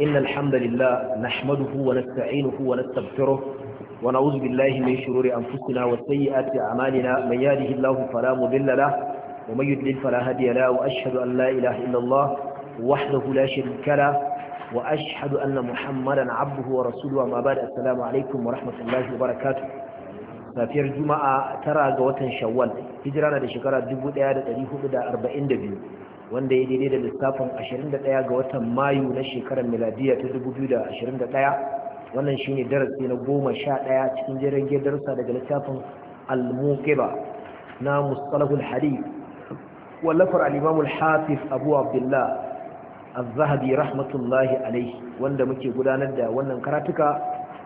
إن الحمد لله نحمده ونستعينه ونستغفره ونعوذ بالله من شرور أنفسنا وسيئات أعمالنا من يهده الله فلا مضل له ومن يضلل فلا هادي له وأشهد أن لا إله إلا الله وحده لا شريك له وأشهد أن محمدا عبده ورسوله أما بعد السلام عليكم ورحمة الله وبركاته safiyar juma'a tara ga watan shawwal hijira na da shekara 1442 wanda ya daidai da lissafin 21 ga watan mayu na shekarar miladiya ta 2021 wannan shine darasi na ɗaya cikin jerin darussa daga littafin al-muqiba na mustalahul hadith wallafar al-imam al-hafiz abu abdullah az-zahabi rahmatullahi alayhi wanda muke gudanar da wannan karatuka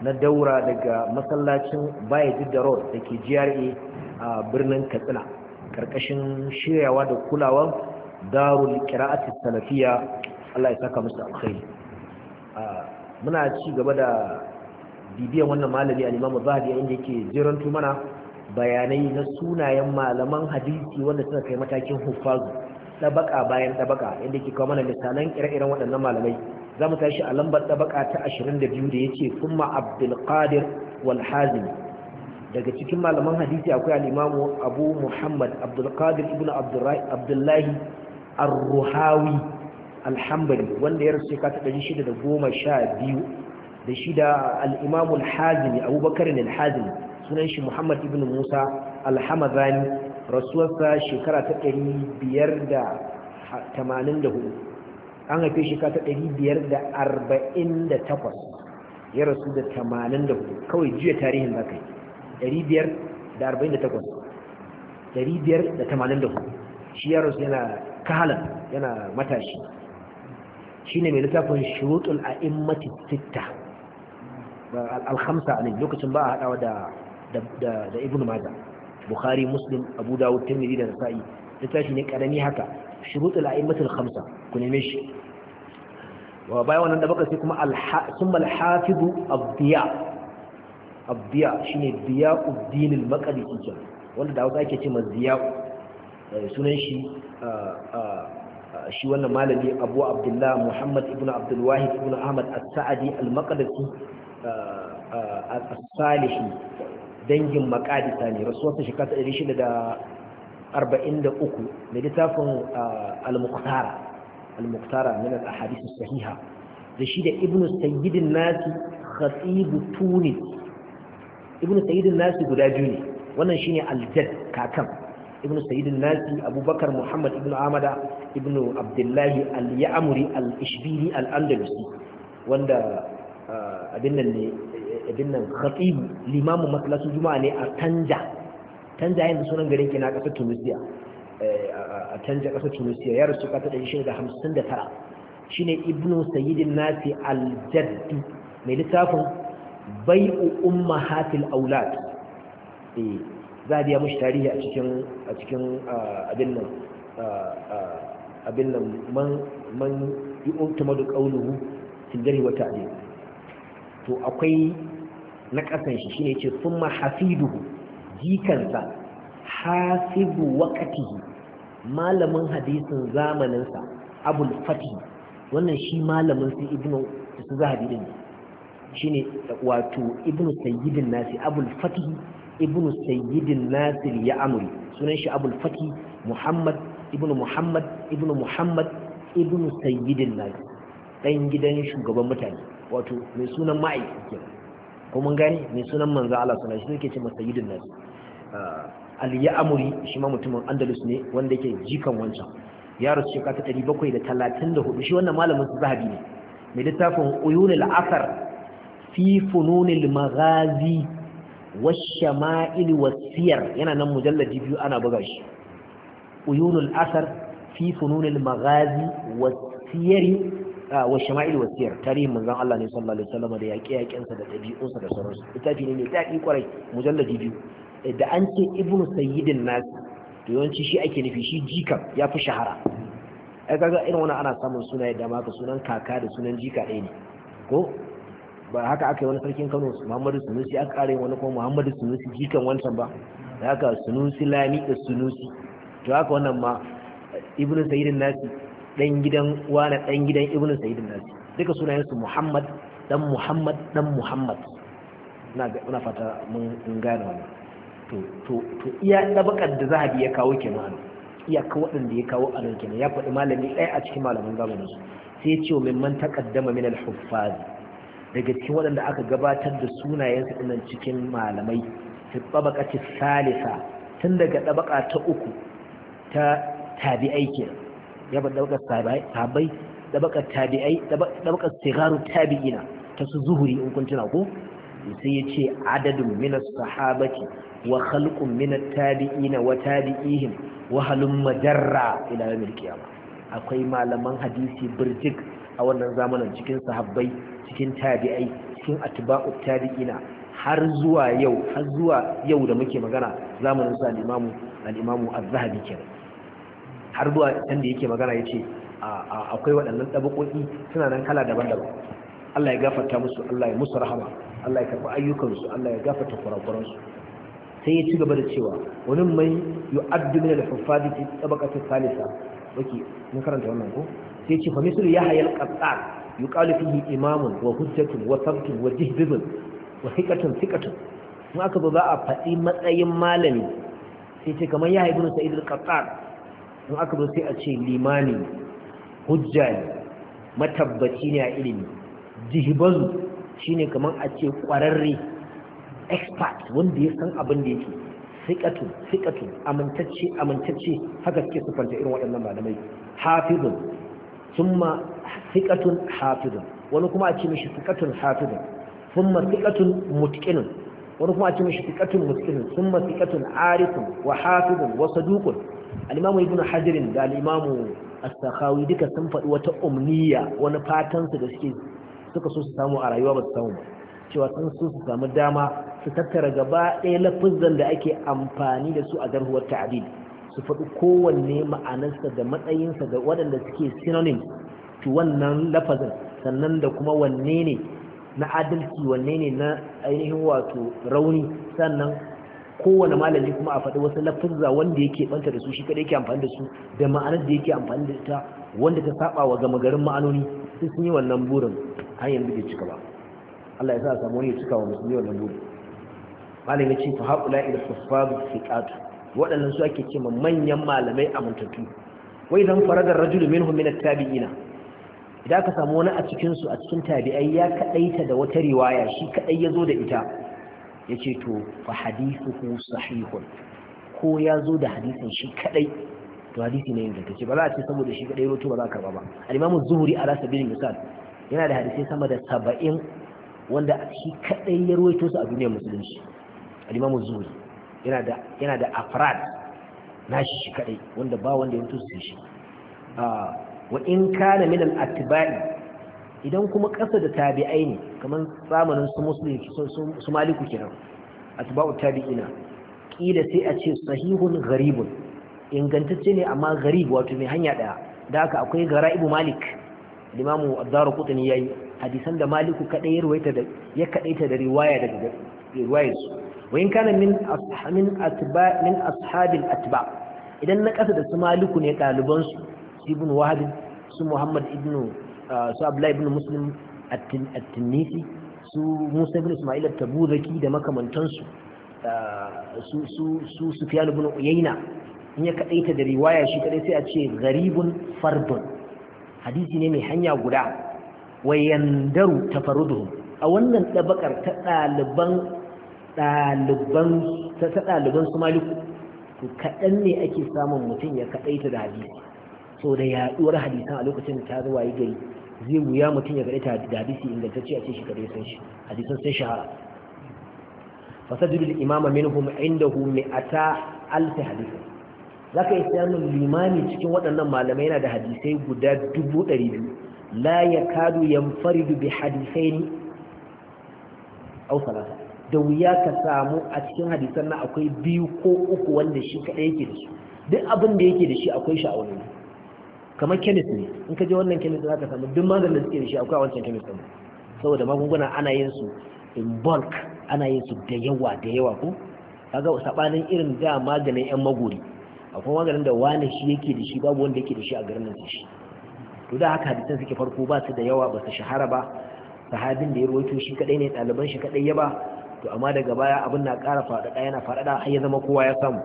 na daura daga masallacin Bayezid da Road dake GRA a birnin Katsina karkashin shiryawa da kulawan darul kira'ati salafiyya Allah ya saka musu alkhairi muna ci gaba da bibiyan wannan malami al-Imam Zahabi inda yake jiranto mana bayanai na sunayen malaman hadisi wanda suka kai matakin huffazu tabaka bayan tabaka inda yake kawo mana misalan ire-iren waɗannan malamai za mu tashi a lambar tabaka ta 22 da yace kuma Abdul Qadir wal Hazim daga cikin malaman hadisi akwai al'imamu abu muhammad abdulkadir ibn abdullahi ar-ruhawi alhambali wanda ya rasu ka taɓa shida da goma sha biyu da shida da al'imamu al-hazini abubakar al-hazini sunan shi muhammad ibn musa al-hamadani rasuwarsa shekara ta ɗari biyar da tamanin da hudu an haife shekara ta ɗari biyar da arba'in da takwas ya rasu da tamanin da hudu kawai jiya tarihin za ka yi ɗari biyar da arba'in da takwas ɗari biyar da tamanin da hudu shi ya rasu yana kahalan yana matashi shine mai littafin shurutul a sitta sita, alhamsa ne lokacin ba a hadawa da da da ibnu bukhari muslim abu dawud tirmidhi da nasa'i littafi ne karami haka shurutul a al-khamsa ku neme shi wa bayan wannan da baka sai kuma al-summa al-hafiz ad-diya ad-diya shine diya'uddin al wanda da hausa ake ma diya'u Eh, sunan shi shi wannan malami abu abdullah muhammad ibn abdulwahid ibn ahmad al saadi al-maqdisi as-salihi dangin makadisa ne rasuwarsa shekara 643 da littafin al-muqtara al-muqtara min al-ahadith as-sahiha da shi da ibn sayyid an-nas khatib tunis ibn sayyid an-nas guda biyu ne wannan shine al-jadd kakan ibn sayyid nasi abubakar muhammad ibn amada ibn abdullahi al-ya'muri al-ishbili al-andalusi wanda uh, abin nan ne abin nan khatib limamu masalatu juma'a ne a tanja tanja yanzu sunan garin ke kasar tunisia eh, a tanja kasar tunisia ya rasu kata da shi da hamsin da tara shine ibn sayyid nasi al-jaddi mai littafin bai'u ummahatil aulad eh, za a biya mashi tarihi a cikin abin nan abin nan man man yu'tamadu sun fil wata wa to akwai na ƙasan shi shine yace summa hafiduhu jikansa hasibu waqtihi malamin hadisin zamaninsa abul fatihi. wannan shi malamin su ibnu su zahabi din shine wato ibnu sayyidin nasi abul fatih ibnu sayyidin nasir ya amuri sunan shi abul fati muhammad ibnu muhammad ibnu muhammad ibnu sayyidin nasir Ɗan gidan shugaban mutane wato mai sunan ma'aiki ke ko mun gane mai sunan manzo Allah sunan shi yake ce masa sayyidin nasir ah, al ya amuri shi ma mutumin andalus ne wanda yake jikan wancan ya rasu shekara ta 734 shi wannan malamin su zahabi ne mai littafin uyunul asar fi fununil maghazi والشمائل Wasiyar yana nan mujallar biyu ana buga shi uyunul asar fi fununil maghazi Wasiyari. Washe shama'il wasiyar tarihin manzan Allah ne sallallahu alaihi wasallam da yaƙe yaƙensa da ɗabi'unsa da sauransu littafi ne mai daɗi kwarai mujalladi biyu da an ce ibnu sayyidin nas to yawanci shi ake nufi shi jika ya fi shahara ai kaga irin wani ana samun sunaye da maka sunan kaka da sunan jika ɗaya ne ko ba haka aka yi wani sarkin kano muhammadu sunusi aka ƙara yin wani kuma muhammadu sunusi jikan wancan ba da haka sunusi lami da sunusi to haka wannan ma Ibn sayyidin nasi dan gidan wani dan gidan Ibn sayyidin nasi duka su muhammad dan muhammad dan muhammad na fata mun gane wannan to to to iya bakar da zahabi ya kawo kenan iyaka waɗanda ya kawo a nan kenan ya faɗi malami ɗaya a cikin malaman zamanin su sai ya ce wa mimman taqaddama min al-huffaz daga cikin waɗanda aka gabatar da sunayensu ɗinan cikin malamai fi ɗabaka ta salisa tun daga ɗabaka ta uku ta tabi'ai ke ya ba sahabai ɗabakar sigaru tabi'ina ta su zuhuri in kun tuna ko sai ya ce adadin mina sahabati wa mina tabi'ina wa tabi'ihim wa halum majarra ila akwai malaman hadisi birjik a wannan zamanin cikin sahabbai cikin tabi'ai cikin atba'u tabi'ina har zuwa yau har zuwa yau da muke magana zamanin sa al-imamu al-imamu az-zahabi kenan har zuwa can da yake magana yace akwai waɗannan tabakoki suna nan kala daban-daban Allah ya gafarta musu Allah ya musu rahama Allah ya karɓi ayyukansu Allah ya gafarta kurakuransu sai ya ci gaba da cewa wani mai yu'addu min al-huffadi fi tabaqati thalitha wake mun karanta wannan ko sai ce fa ya hayar ƙasa yi ƙalifin yi imamun wa hujjatun wa sabtun wa jihdun wa hikatun sikatun Kuma aka zo za a faɗi matsayin malami sai ce kamar ya haifin sa idar ƙasa kuma aka zo sai a ce limani hujja ne matabbaci ne a ilimi jihbazu ne kamar a ce ƙwararre. expert wanda ya san abin da yake sikatun sikatun amintacce amintacce haka suke sufanta irin waɗannan malamai hafizun thumma thiqatun hafizun wani kuma a ce mishi thiqatun hafizun thumma wani kuma a ce mishi thiqatun mutqinun thumma wa hafizun wa saduqun al-imamu ibnu hajar da al duka sun faɗi wata umniya wani fatan da suke suka so su samu a rayuwa ba su samu cewa sun so su samu dama su tattara gaba ɗaya lafizan da ake amfani da su a darhuwar ta'adili su faɗi kowanne ma'anarsa da matsayinsa da waɗanda suke synonym to wannan lafazin sannan da kuma wanne ne na adalci wanne ne na ainihin wato rauni sannan kowane malami kuma a faɗi wasu lafazza wanda yake banta da su shi kaɗai yake amfani da su da ma'anar da yake amfani da ita wanda ta saba wa gama garin ma'anoni sai sun yi wannan burin har yanzu bai cika ba Allah ya sa a samu wani ya cika wa musulmi wannan burin malam ya ce fa haƙula ila kuffar fiqatu waɗannan su ake cewa manyan malamai amintattu wai zan fara da rajulu minhum min at-tabi'ina idan ka samu wani a cikin su a cikin tabi'ai ya kadaita da wata riwaya shi kadai yazo da ita yace to fa hadithuhu sahihun ko yazo da hadisin shi kadai to hadisi ne inda kace ba za a ce saboda shi kadai roto ba za ka ba ba al-imam az-zuhri ala sabilil misal yana da hadisi sama da 70 wanda shi kadai ya ruwaito su a duniyar musulunci al-imam az-zuhri yana da yana na afrad shi kadai wanda ba wanda ya mutu su shi ah, wa in kana min al-atba'i idan kuma ƙasa da tabi'ai ne kamar zamanin su musulun su maliku kenan atba'u tabi'ina kila sai a ce sahihun gharibun ingantacce ne amma gharib wato mai hanya ɗaya. da haka akwai garaibu malik limamu ad-daru ya yi. hadisan da maliku ya ruwaita da da riwaya daga riwayar wa in min ashamin atba idan na kasa da su maliku ne ɗaliban su ibn wahab su muhammad ibn su at su musa ibn isma'il at-tabuzaki da makamantansu su su su sufyan uyayna in ya kadaita da riwaya shi kadai sai a ce gharibun fardun hadisi ne mai hanya guda wayandaru tafarruduhum a wannan dabakar ta ɗaliban ta ɗaliban su maliku to kaɗan ne ake samun mutum ya kaɗai ta da hadisi so da yaɗuwar hadisan a lokacin da ta zuwa yi gari zai wuya mutum ya kaɗaita da hadisi ingantacce a ce shi kaɗai san shi hadisan sun shahara fasajirul imama minhum indahu mi'ata alfi Za ka yi samun limami cikin waɗannan malamai yana da hadisai guda dubu ɗari biyu la yakadu yanfaridu bi hadisaini aw salasa da wuya ka samu a cikin hadisan nan akwai biyu ko uku wanda shi kaɗai yake da su duk abin da yake da shi akwai shi a wani kamar kemis ne in ka je wannan kemis za ka samu duk maganin da suke da shi akwai a wancan kemis ɗin saboda magunguna ana yin su in bulk ana yin su da yawa da yawa ko kaga sabanin irin da maganin yan magori akwai maganin da wani shi yake da shi babu wanda yake da shi a garin nan shi to da haka hadisan suke farko ba su da yawa ba su shahara ba sahabin da ya ruwaito shi kadai ne ɗaliban shi kadai ya ba to amma daga baya abin na ƙara faɗaɗa yana faɗaɗa har ya zama kowa ya samu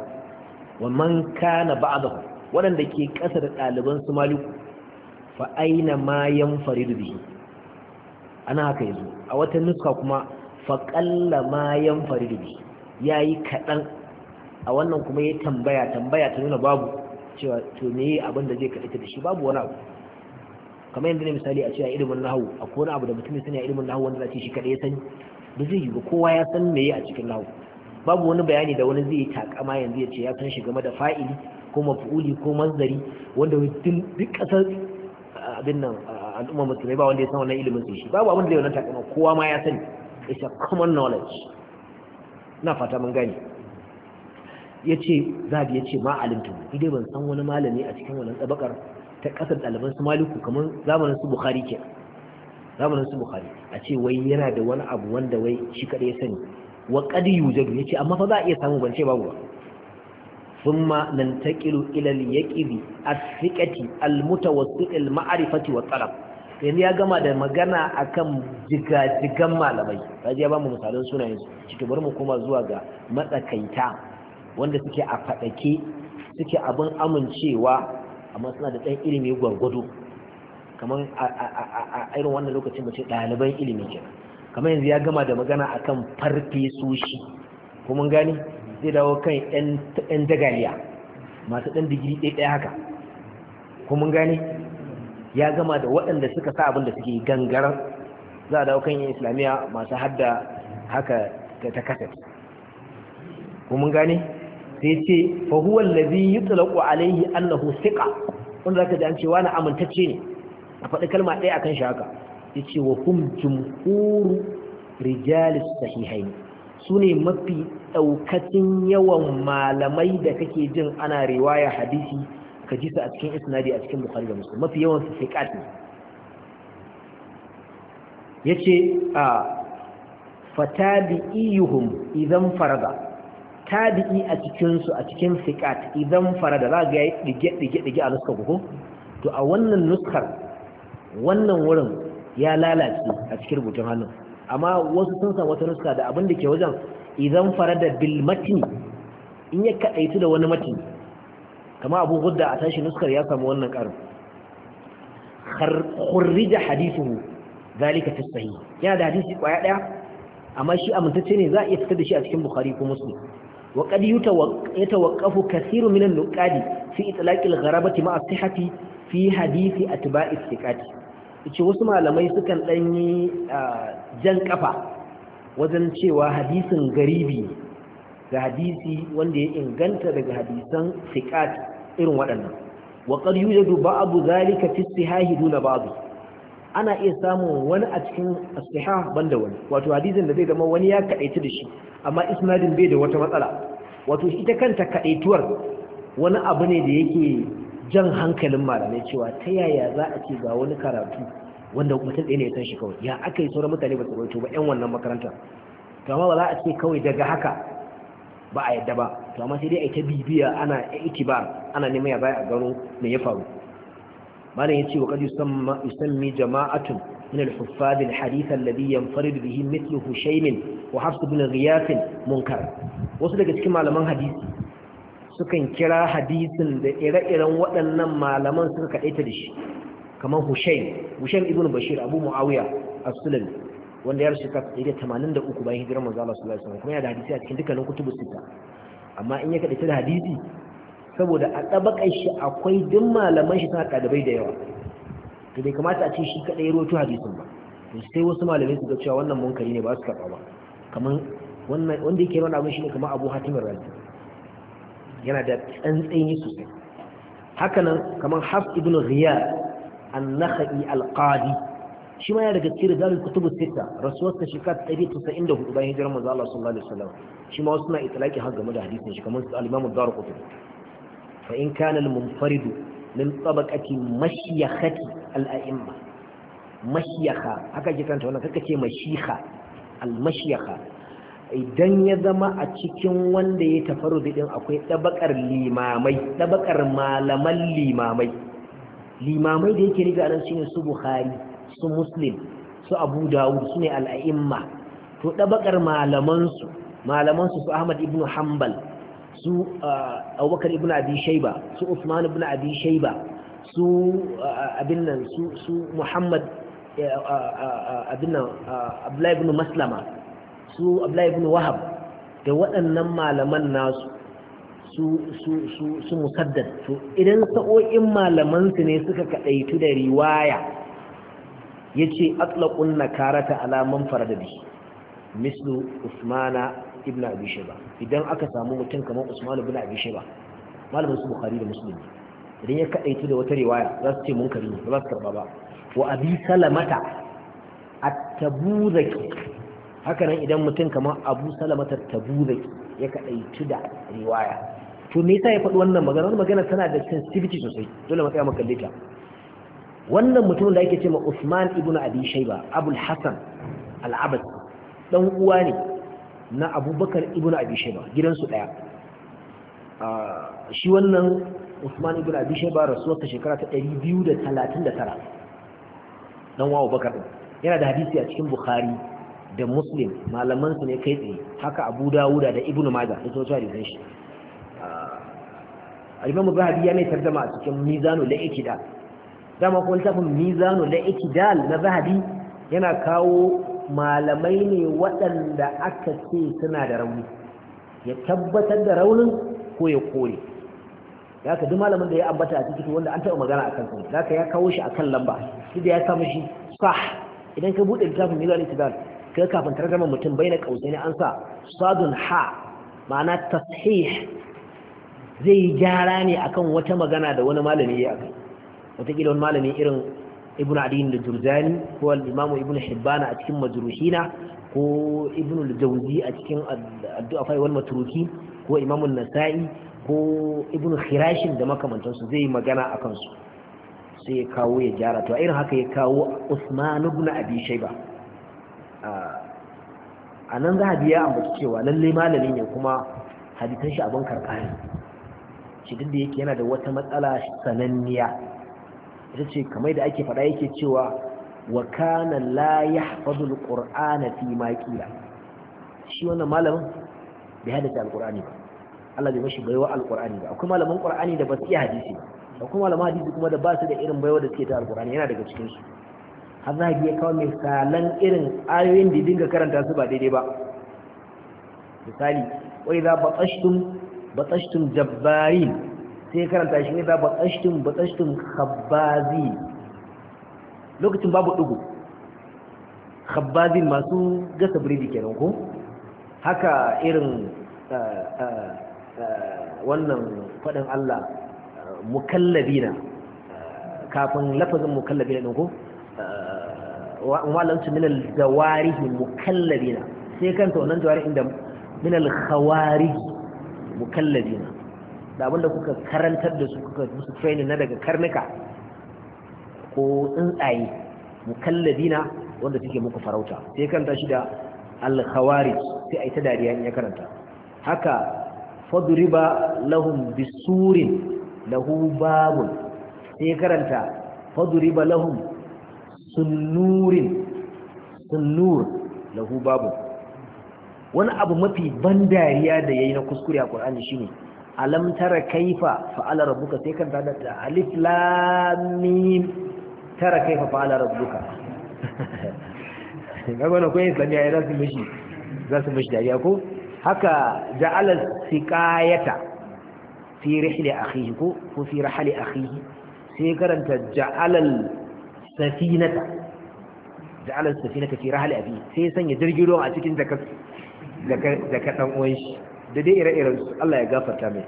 wannan kana ba'da waɗanda ke ƙasa da ɗaliban su maliku fa aina ma faridu bihi ana haka yanzu a wata nuska kuma fa qalla ma faridu bihi yayi kaɗan a wannan kuma ya tambaya tambaya ta nuna babu cewa to me abin da zai kaɗaita da shi babu wani abu kamar yadda ne misali a cewa ilimin nahawu akwai wani abu da mutum ya sani a ilimin nahawu wanda zai ce shi kaɗai ya sani ba zai yi ba kowa ya san me a cikin nahu babu wani bayani da wani zai yi takama yanzu ya ce ya san shi game da fa'ili ko maf'uli ko manzari wanda duk kasar abin nan al'umma musulmai ba wanda ya san wannan ilimin sai shi babu abin da zai wannan takama kowa ma ya sani it's a common knowledge na fata mun gane ya ce zabi yace ce ma alimtu idai ban san wani malami a cikin wannan tsabakar ta kasar ɗaliban su maliku kamar zamanin su bukhari kenan zamanin su bukhari a ce wai yana da wani abu wanda wai shi kada ya sani wa qad yujadu yace amma fa za a iya samu ban ce babu ba thumma nantaqilu ila al-yaqibi as-siqati al-mutawassit al-ma'rifati wa talab yanzu ya gama da magana akan jigajigan malamai kaji ya bamu misalin sunayen su cikin bari mu koma zuwa ga matsakaita wanda suke a fadake suke abin amincewa amma suna da ɗan ilimi gwargwado kamar a irin wannan lokacin mace ɗaliban ilimin ke kamar yanzu ya gama da magana akan farfe soshi ko mun gani zai dawo kan yan dagaliya masu ɗan digiri ɗaya haka ko mun gani ya gama da waɗanda suka sa abin da suke gangaran za a dawo kan yan islamiyya masu hadda haka ta kasar ko mun gani sai ce fa huwa allazi yutlaqu alayhi annahu thiqa wanda zaka ji an cewa na amintacce ne a faɗi kalma ɗaya akan shi haka ya ce wa hum jumhuru rijalis sahihai su ne mafi ɗaukacin yawan malamai da kake jin ana riwaya hadisi ka ji a cikin isnadi a cikin bukhari da mafi yawan su fiqat ne ce a iyuhun idan farada tabi'i a cikin su a cikin fiƙat idan farga za ga ya ɗige ɗige a nuskar ko to a wannan nuskar wannan wurin ya lalace a cikin rubutun hannun amma wasu sun samu wata nuska da abin da ke wajen idan da bil matni in ya kaɗaitu da wani matni kama abu gudda a tashi nuskar ya samu wannan karin khurrija hadithu zalika fi sahih yana da hadisi kwaya ɗaya? amma shi amintacce ne za a iya fitar da shi a cikin bukhari ko muslim wa qad yatawaqqafu kathiru min an-nuqadi fi itlaqi al-gharabati ma'a sihhati fi hadithi atba'i thiqati ce wasu malamai sukan ɗan ɗanyi jan ƙafa wajen cewa hadisin garibi ga hadisi wanda ya inganta daga hadisan fiƙat irin waɗannan waƙar yi da duba abu zalika fi sihahi duna babu ana iya samun wani a cikin asiha banda wani wato hadisin da zai zama wani ya kaɗaitu da shi amma isnadin bai da wata matsala wato ita kanta kaɗaituwar wani abu ne da yake jan hankalin malamai cewa ta yaya za a ce ga wani karatu wanda mutum ɗaya ne ya san shi kawai ya aka yi sauran mutane ba su rawaito ba yan wannan makaranta to amma ba za a ce kawai daga haka ba a yadda ba to amma sai dai a yi ta bibiya ana ba ana neman ya baya a gano me ya faru malam ya ce wa kadi yusammi jama'atun من الحفاظ الحديث الذي ينفرد به مثل هشيم وحفص بن غياث منكر Wasu daga cikin malaman hadisi sukan kira hadisin da ire-iren waɗannan malaman suka kaɗaita da shi kamar Hushayn Hushayn ibn Bashir Abu Muawiya as wanda ya rasu ta da uku bayan hijirar manzo Allah sallallahu alaihi kuma yana da hadisi a cikin dukkanin kutubus sita amma in ya kaɗaita da hadisi saboda a tabakar shi akwai din malaman shi suna ɗalibai da yawa to bai kamata a ce shi kaɗai ya rawaito hadisin ba sai wasu malamai su ga cewa wannan munkari ne ba su karɓa ba kamar wannan wanda yake rawana abin shi ne kamar Abu Hatim rantsi yana da tsantsanyi sosai hakanan kamar haf ibn ghiyar an-nakhai al-qadi shi ma yana daga cikin rijalul kutubu sita rasuwar ta shekara 194 bayan hijirar manzo Allah sallallahu alaihi wasallam shi ma wasu na itlaqi har game da hadisin shi kamar al-imam ad-darqutni fa in kana al-munfarid min tabaqati mashyakhati al-a'imma mashyakha haka ke kanta wannan kaka ce mashikha al-mashyakha idan ya zama a cikin wanda ya da ɗin, akwai ɗabakar limamai dabakar malaman limamai limamai da yake riga nan shine su bukhari su muslim su abu dawud su ne al'a'imma to ɗabakar malamansu, malamansu su ahmad Ibn hanbal su uh, abubakar Ibn abi shaiba su usman Ibn abi shaiba su uh, abin nan su muhammad uh, abin nan abdullahi ibnu maslama su abdullahi ibn wahab da waɗannan malaman nasu su su su su musaddad to idan sa'o'in malaman su ne suka kadaitu da riwaya yace atlaqun nakarata ala man farada bi mislu usmana ibn abi shayba idan aka samu mutum kamar usman ibn abi shayba malamin su bukhari da muslim idan ya kadaitu da wata riwaya za su ce munkari ne ba za su karba ba wa abi salamata at-tabuzaki hakanan idan mutum kamar abu salamata tabuzai ya kaɗaitu da riwaya to me yasa ya faɗi wannan magana wannan magana tana da sensitivity sosai dole matsaya mu wannan mutumin da ake cewa Usman ibn Abi Shayba Abul Hasan al abbas dan uwa ne na Abubakar ibn Abi Shayba gidansu daya ah, shi wannan Usman ibn Abi Shayba rasuwa ta shekara ta 239 dan bakar ɗin, yana da hadisi a cikin Bukhari da muslim malaman su ne kai tsaye haka abu dawuda da Ibn majah da sun tsari shi ah, al mu zahabi ya mai dama a cikin mizanu da ikida dama kuma littafin mizanu da ikidal na zahabi yana kawo malamai ne waɗanda aka ce suna da rauni ya tabbatar da raunin ko ya kore ya ka duk malamin da ya ambata a cikin wanda an taɓa magana a kansa za ka ya kawo shi a kan lamba shi da ya samu shi sah idan ka buɗe littafin mizanu la ikidal kai kafin tarjama mutum bai na kausai an sa sadun ha ma'ana tashih zai yi gyara ne akan wata magana da wani malami ya kai wataƙila wani malami irin ibn adiyin da jurjani ko al'imamu ibn hibbana a cikin majruhina ko ibn al a cikin addu'a fa wal ko imamu nasa'i ko ibn khirashin da makamantansu zai yi magana akan su sai ya kawo ya gyara to irin haka ya kawo usman ibn abi shayba a nan za biya ya ambaci cewa lalle malami ne kuma hadisan shi abin karɓa ne shi duk da yake yana da wata matsala sananniya ita ce kamar da ake faɗa yake cewa wa kana la yahfazu alqur'ana fi maqila shi wannan malamin bai hadda alqur'ani ba Allah bai mashi baiwa alqur'ani ba akwai malaman qur'ani da ba su iya hadisi akwai malaman hadisi kuma da ba su da irin baiwa da suke ta alqur'ani yana daga cikin su azabi ya kawo misalan irin ayoyin da dinga karanta su ba daidai ba misali wa idza batashtum batashtum jabbarin sai karanta shi ne idza batashtum batashtum khabbazi lokacin babu dugu khabbazin masu gasa biredi kenan ko haka irin eh, eh, eh, wannan faɗin Allah mukallabina kafin lafazin mukallabina ɗin ko min al jawarihi mukallabina sai kanta wannan jawari inda min al-khawarij mukallabina da abinda kuka karantar da su kuka musu training na daga karnuka ko tsuntsaye mukallabina wanda suke muku farauta sai kanta shi da al-khawarij sai ai ta dariya in ya karanta haka fadriba lahum bisurin lahu babun sai karanta fadriba lahum sunnurin sunnur lahu babu wani abu mafi ban dariya da yayi na kuskure a Qur'ani shine alam tara kaifa fa'ala rabbuka sai kan da alif lam mim tara kaifa fa'ala rabbuka ga wannan koyi islamiya ya zasu mishi zasu mishi dariya ko haka ja'ala siqayata fi rihli akhihi ko fi rahli akhihi sai karanta ja'alal safinata ja'ala safinata fi rahli abi sai ya sanya jirgin ruwa a cikin zakar zakar dan uwan shi da dai ire-iren su Allah ya gafarta mai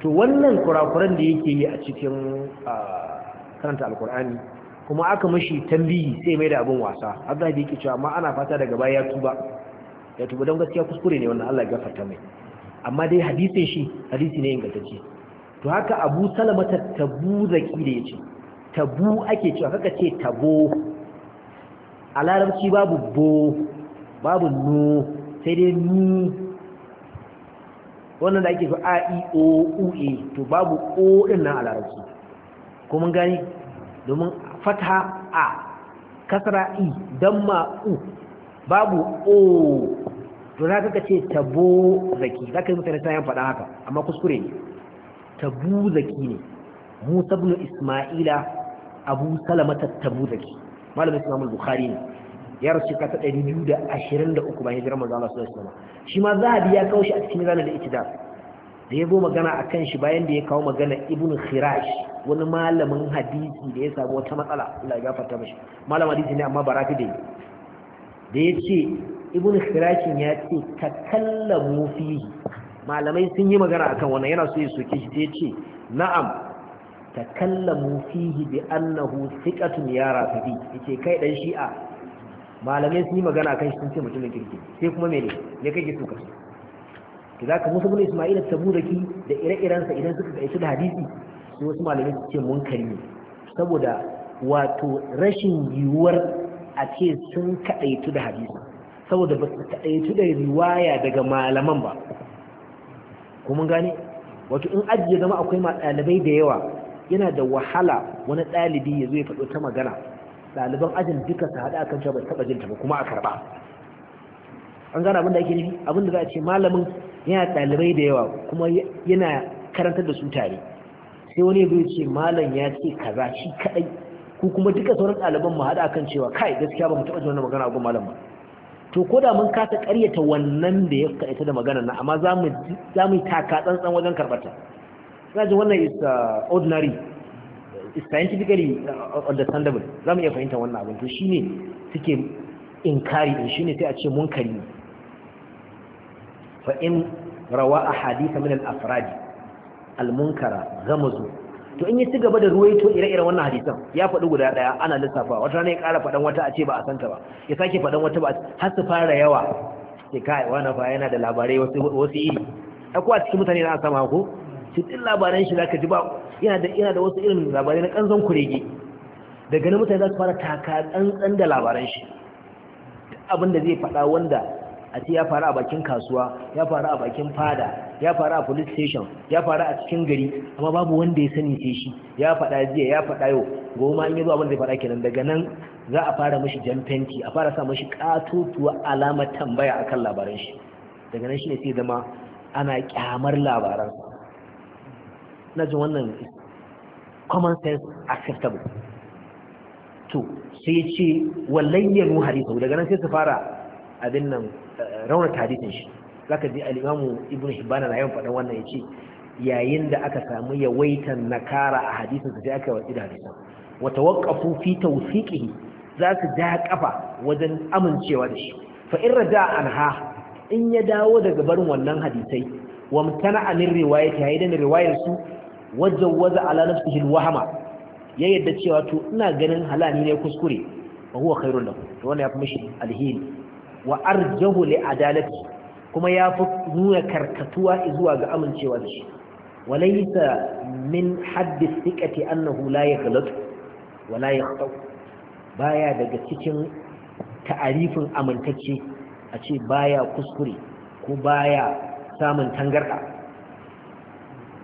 to wannan kurakuran da yake yi a cikin karanta alkur'ani kuma aka mashi tambayi sai mai da abin wasa azhabi yake cewa amma ana fata daga baya ya tuba ya tuba don gaskiya kuskure ne wannan Allah ya gafarta mai amma dai hadisin shi hadisi ne ingantacce to haka Abu Salama tattabu zaki da yace tabu ake cewa kaka ce tabo a larabci babu bo babu no sai dai nu wannan da ake so a i o u e to babu o din nan a larabci ko mun gani domin fatha a kasra i damma u babu o to za ka ce tabo zaki za ka yi mutane ta yan faɗa haka amma kuskure ne tabu zaki ne musa bin isma'ila abu salama ke malamin islamul bukhari ne ya rasu ka ta 223 bayan jiran mazana Allah sallallahu shi ma zahabi ya kawo shi a cikin mizanin da itidar da ya zo magana a kan shi bayan da ya kawo magana ibn khirash wani malamin hadisi da ya samu wata matsala Allah ya gafarta mashi malam hadisi ne amma ba da da ya ce ibn khirashin ya ce ka kallamu fihi malamai sun yi magana akan wannan yana so ya soke shi Da ya ce na'am takallamu fihi bi annahu thiqatun ya rafidi yace kai dan shi'a malamai sun yi magana kan shi sun ce mutumin kirki sai kuma mene ne kake so ka Ki zaka musu bin Isma'il at-Taburaki da ire iren sa idan suka kai da hadisi sai wasu malamai su ce munkari ne saboda wato rashin yiwuwar a ce sun kadaitu da hadisi saboda ba su kadaitu da riwaya daga malaman ba kuma gane wato in ajiye zama akwai ɗalibai da yawa yana da wahala wani ɗalibi ya zo ya faɗo ta magana ɗaliban ajin duka ta haɗa kan cewa ba taɓa ta ba kuma a karɓa an gane abin da ake nufi abin da za a ce malamin yana ɗalibai da yawa kuma yana karantar da su tare sai wani ya ce malam ya ce kaza shi kaɗai ko kuma duka sauran ɗaliban mu haɗa kan cewa kai gaskiya ba mu taɓa jin wannan magana a malam ba to ko da mun kasa ƙaryata wannan da ya kaita da magana na amma za mu yi taka tsantsan wajen karɓarta ina wannan is uh, ordinary is scientifically uh, understandable za mu iya fahimta wannan abin to shine suke inkari din shine sai a ce munkari fa in rawa ahadith min al-afrad al-munkara gamazu to in yi ci gaba da ruwaito ire-iren wannan hadisan ya faɗi guda ɗaya ana lissafa wata rana ya ƙara faɗan wata a ce ba a santa ba ya sake faɗan wata ba har su fara yawa ke kai wani fa yana da labarai wasu iri akwai a cikin mutane na an sama ko shi din labaran shi zaka ji ba yana da yana da wasu irin labarai na kanzon kurege daga nan mutane za su fara taka tsantsan da labaran shi abin da zai faɗa wanda a ce ya faru a bakin kasuwa ya faru a bakin fada ya faru a police station ya faru a cikin gari amma babu wanda ya sani sai shi ya faɗa jiya ya faɗa yau goma ma in yazo abin da zai faɗa kenan daga nan za a fara mashi jan fenti a fara sa mashi katutuwa alamar tambaya akan labaran shi daga nan shi ne sai zama ana kyamar labaransa na ji wannan common sense acceptable to sai ce wallayyar mu hadisa daga nan sai su fara abin nan eh, raunar hadisin shi zaka ji al-imamu ibnu hibban na yawan faɗan wannan yace yayin da aka samu yawaitan nakara a hadisin sai aka watsi da wata wa tawaqqafu fi tawfiqihi za su ja kafa wajen amincewa da shi fa in raja anha in ya dawo daga barin wannan hadisai wa mutana anin riwayati haydan riwayar su wajawwaza ala nafsihi wahama ya yadda cewa to ina ganin halani ne kuskure fa huwa khairun lahu to ya fi mishi alheri wa arjahu li adalati kuma yafi nuna karkatuwa zuwa ga amincewa da shi walaysa min haddis sikati annahu la yakhlatu wa la baya daga cikin ta'arifin amintacce a ce baya kuskure ko baya samun tangarda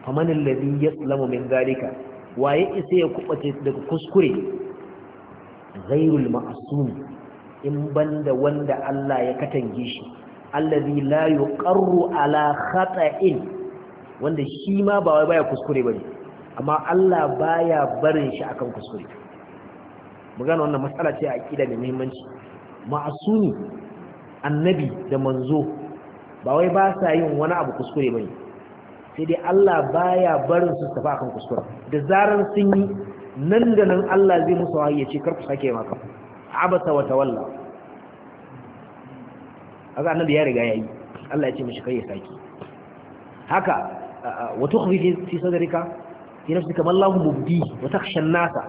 faman alladhi yaslamu min zalika waye isa ya kubace daga kuskure ghairul ma'sum in banda wanda Allah ya katange shi alladhi la yuqarru ala khata'in wanda shi ma ba wai baya kuskure bane amma Allah baya barin shi akan kuskure mu gane wannan matsala ce a aqida mai muhimmanci ma'sumi annabi da manzo ba wai ba sa yin wani abu kuskure bane sai dai Allah baya barin su tafi akan kuskure da zarar sun yi nan da nan Allah zai musu wahayi ce karku sake maka abasa wa tawalla kaga annabi ya riga yayi Allah ya ce mishi kai ya saki haka wa tukhfi fi sadrika fi nafsika ma Allahu mubdi wa takhsha an-nasa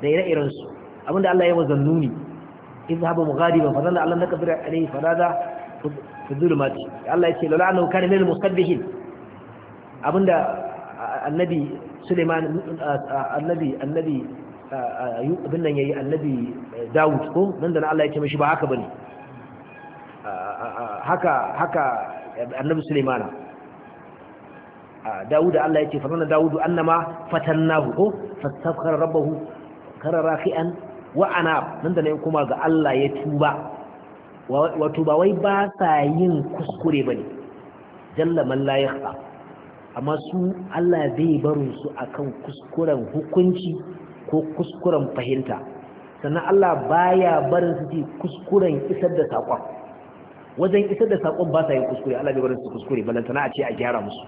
da ire iren su abinda Allah ya yi wazannuni izhaba mughadiban fa dalla Allah naqdir alayhi fa dada fi dhulumati Allah ya ce la'annahu kana min al-musabbihin abinda annabi Suleiman annabi annabi abin nan yayi annabi eh, Dawud ko nan da Allah ya ce mishi ba haka bane haka haka annabi Suleiman Dawud Allah ya ce fa Dawud annama fatannahu ko fastaghfara rabbahu karara khi'an wa ana nan da ne kuma ga Allah ya tuba wato ba wai ba sa yin kuskure bane jalla man la yakhfa amma su Allah zai barinsu su akan kuskuren hukunci ko kuskuren fahimta sannan Allah baya barin su kuskuren isar da saƙon wajen isar da saƙon ba sa yin kuskure Allah zai barinsu su kuskure balantana a ce a gyara musu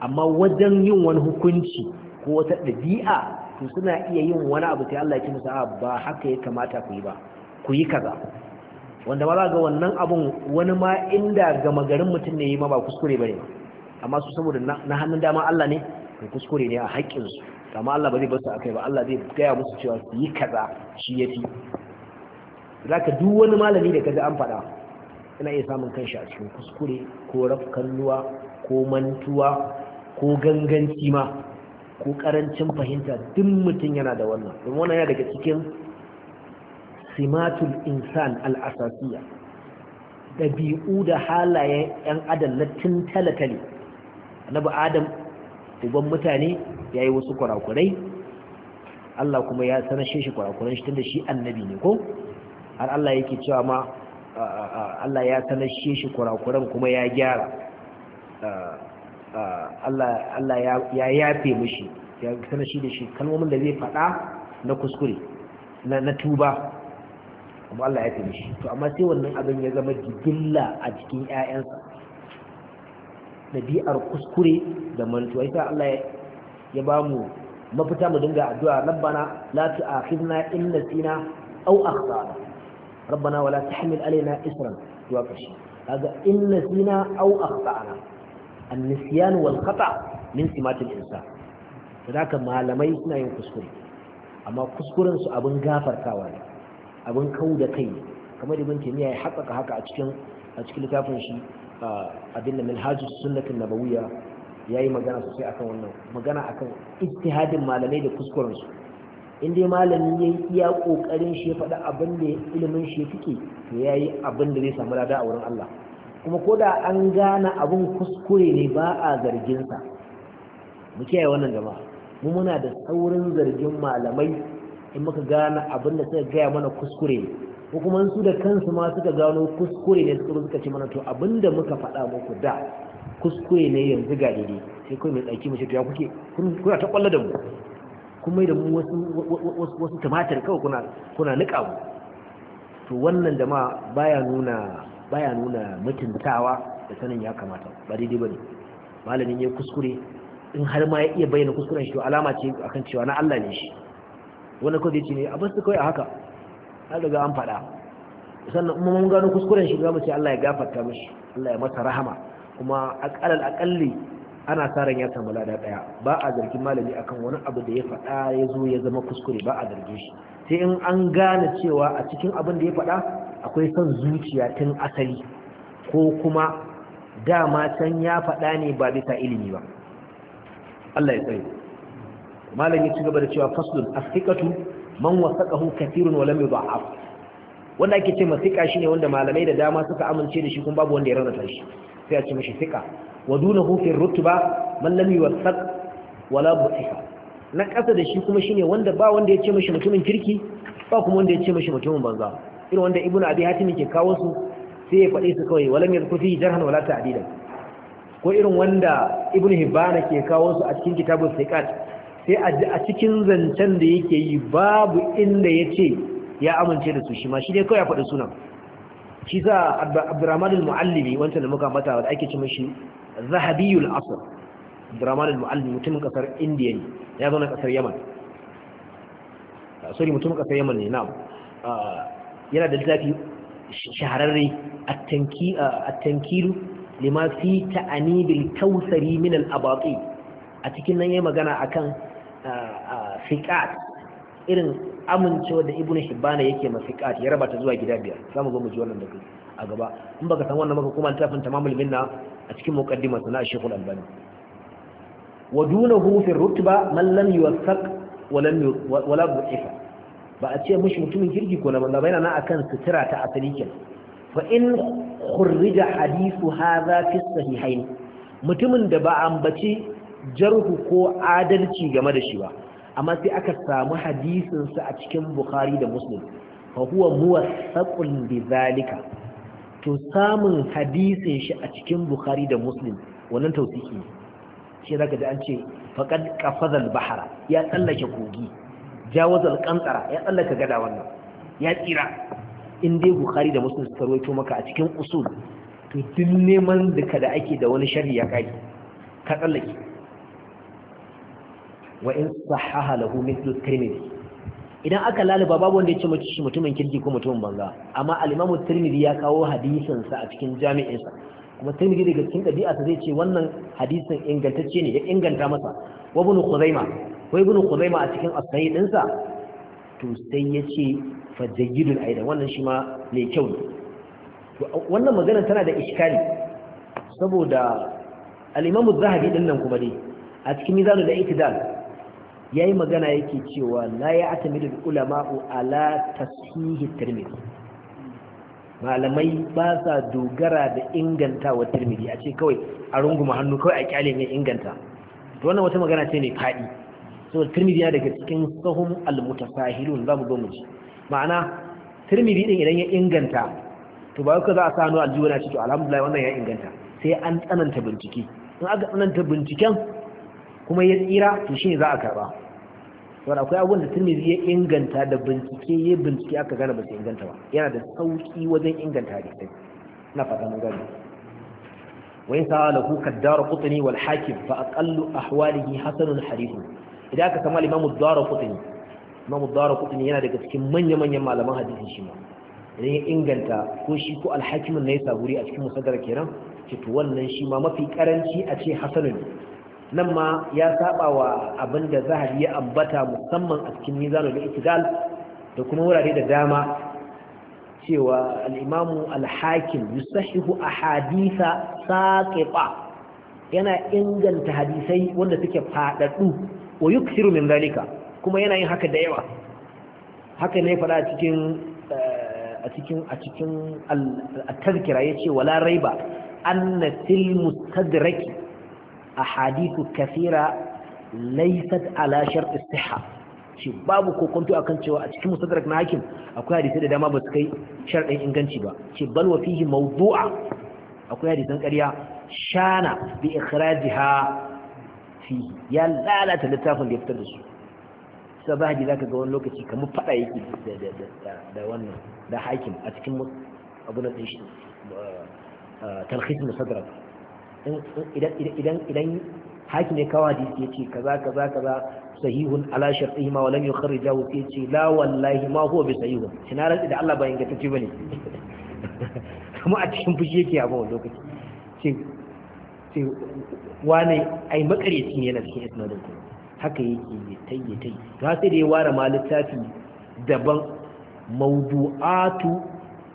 amma wajen yin wani hukunci ko wata ɗabi'a to suna iya yin wani abu sai Allah ya ce musu ah, ba haka ya kamata ku yi ba ku yi kaza wanda ba za ga wannan abun wani ma inda gama garin mutum ne yi ma ba kuskure bane ba amma su saboda na hannun dama Allah ne to kuskure ne a haƙƙinsu amma Allah ba zai basu akai ba Allah zai gaya musu cewa su yi kaza shi ya yafi zaka duk wani malami da kaga an faɗa ina iya samun kanshi a cikin kuskure ko rafkannuwa ko mantuwa ko ganganci ma ko karancin fahimta duk mutum yana da wannan domin wannan yana daga cikin simatul insan al'asasiya ɗabi'u da halayen 'yan adam na tun talatale annabi adam uban mutane ya yi wasu kurakurai Allah kuma ya sanashe shi kurakuran shi tunda shi annabi ne ko har Allah yake cewa ma Allah ya sanashe shi kurakuran kuma ya gyara Allah ya yafe mushi ya sanashe da shi kalmomin da zai faɗa na kuskure na tuba kuma Allah ya yafe mushi to amma sai wannan abin ya zama jigilla a cikin 'ya'yansa ɗabi'ar kuskure da mantuwa ita Allah ya ba mu mafita mu dinga addu'a rabbana la tu'akhidna in nasina aw akhtana rabbana wala tahmil alaina isran zuwa kashi kaga in au a akhtana an-nisyan wal khata min simatil insan saboda malamai suna yin kuskure amma kuskuren su abin gafartawa ne abin kau da kai kamar da ibn taymiya ya haƙƙaka haka a cikin littafin shi abin da minhajus sunnatin ya yi magana sosai akan wannan magana akan ijtihadin malamai da kuskurensu. su in dai malami yayi iya kokarin shi faɗa abin da ilimin shi fike to yayi abin da zai samu lada a wurin Allah kuma ko da an gane abin kuskure ne ba a zarginsa, mu kiyaye wannan gaba mu muna da saurin zargin malamai in muka gane abin da suka gaya mana kuskure ne ko kuma su da kansu ma suka gano kuskure ne suka suka ce mana to abinda muka faɗa muku da kuskure ne yanzu ga dide sai kai mai tsaki mace to ya kuke kuna ta kwallo da mu kuma da mu wasu wasu tumatir kawai kuna kuna nika mu to wannan ma baya nuna baya nuna mutuntawa da sanin ya kamata ba daidai bane malamin ya kuskure in har ma ya iya bayyana kuskuren shi to alama ce akan cewa na Allah ne shi wani kawai ce ne a basu kawai a haka har daga an faɗa sannan kuma mun gano kuskuren shi za mu ce Allah ya gafarta mishi Allah ya masa rahama kuma akalal akalli ana sa ran ya samu lada daya ba a zargin malami akan wani abu da ya faɗa ya zo ya zama kuskure ba a zarge shi sai in an gane cewa a cikin abin da ya faɗa akwai son zuciya tun asali ko kuma dama can ya faɗa ne ba bisa ilimi ba Allah ya tsaye malami ya ci gaba da cewa faslun afiqatu man wasaqahu kathirun wa lam yudha'af wanda yake ce masika shine wanda malamai da dama suka amince da shi kuma babu wanda ya rarrata shi sai a ce mishi sika wa dunahu fi rutba man lam wa la bu'ika na kasa da shi kuma shine wanda ba wanda ya ce mishi mutumin kirki ba kuma wanda ya ce mishi mutumin banza irin wanda ibnu abi hatim ke kawo su sai ya fadi su kawai wa lam yakufi jarhan wala ta'dila ko irin wanda ibnu hibban ke kawo su a cikin kitabul siqat sai a cikin zancen da yake yi babu inda ya ce ya amince da su shi ma shi ne kawai ya faɗi sunan shi sa abdurrahman al-mu'allimi wancan da muka mata da ake cin shi zahabiyul asr abdurrahman al-mu'allimi mutumin kasar indiya ne ya zauna kasar yaman ah, sorry mutumin kasar yaman ne na ah, yana da littafi shahararre a ah, Tankilu, lima fi ta'anibil kausari min al-abati a cikin nan yayi magana akan fiqat irin amincewa da ibnu hibbana yake ma fiqat ya raba ta zuwa gida biyar Za mu zo mu ji wannan da kai a gaba in baka san wannan baka kuma littafin tamamul minna a cikin muqaddimar sana shekul albani wa dunahu fi rutba man lam yuwaffaq wa lam wala bu'ifa ba a ce mushi mutumin kirki ko na banza ba yana nan akan sutura ta asali kenan fa in khurrija hadithu hadha fi sahihain mutumin da ba ambaci jarhu ko adalci game da shi ba amma sai aka samu hadisin sa a cikin bukhari da muslim fa huwa muwathaqun bi zalika to samun hadisin shi a cikin bukhari da muslim wannan tausiki ne shi zaka ji an ce faqad qafazal bahra ya tsallake kogi jawazal qantara ya tsallake gada wannan ya tsira in dai bukhari da muslim suka rawaito maka a cikin usul to duk neman duka da ake da wani shari'a ya kai ka tsallake wa in sahaha lahu mithlu tirmidhi idan aka laliba babu wanda ya ce mutum mutumin kirki ko mutumin banza amma al-imamu tirmidhi ya kawo hadisin sa a cikin jami'in sa kuma tirmidhi daga cikin dabi'a sa zai ce wannan hadisin ingantacce ne ya inganta masa wa ibn khuzaima wa ibn khuzaima a cikin as-sahih din sa to sai yace fa jayyidun aidan wannan shi ma mai kyau ne wannan magana tana da iskali saboda al-imamu zahabi din nan kuma dai a cikin mizanu da itidal Ya yi magana yake cewa la ya atamidu ulama'u ala tasihi tirmidhi malamai ba sa dogara da inganta wa tirmidhi a ce kawai a runguma hannu kawai a kyale ne inganta to wannan wata magana ce mai fadi so tirmidhi yana daga cikin sahum almutasahilun zamu zo mu ji ma'ana tirmidhi din idan ya inganta to ba ka za a sanu aljiwa na ce to alhamdulillah wannan ya inganta sai an tsananta bincike in aka tsananta binciken kuma ya tsira to ne za a karba wanda akwai abubuwan da tirmidhi ya inganta da bincike ya bincike aka gane ba su inganta ba yana da sauki wajen inganta hadisai na fata mun gani wa in sa'a lahu kaddara qutni wal hakim fa aqallu ahwalihi hasanul hadith idan aka samu imamu dara qutni imamu dara qutni yana daga cikin manya-manyan malaman hadisi shi ma idan ya inganta ko shi ko alhakimin na ya saburi a cikin musadara kenan ce to wannan shi ma mafi karanci a ce hasanul nan ma ya saba wa abin da ya ambata musamman a cikin mizanu da itidal da kuma wurare da dama cewa al'imamu alhakin hakim yusahihu a hadisa saƙiɓa yana inganta hadisai wanda suke faɗaɗu wa min zalika kuma yana yin haka da yawa haka ne faɗa eh, a cikin a cikin ya cikin al ba, yace wala raiba anna mustadraki ahadithu kafira laysat ala shart as-sihha shi babu kokonto akan cewa a cikin mustadrak na hakim akwai hadisi da dama ba su kai sharɗin inganci ba ce bal wa fihi mawdu'a akwai hadisan ƙarya shana bi ikhrajiha fihi ya lalata littafin da ya fitar da su sai ba haji zaka ga wani lokaci kamar fada yake da wannan da hakim a cikin abu na tsaye eh, talhis mustadrak idan haki ne kawai hadisi ya ce kaza kaza kaza sahihun ala shartihi ma walam yukhrija wa ke ce la wallahi ma huwa bi sahihun kina ran da Allah ba yanga tace bane kuma a cikin fushi yake a bawa lokaci ce ce wane ai makareci ne yana cikin isnadin ku haka yake ya tayye tayi ga sai da ya ware ma littafi daban mawdu'atu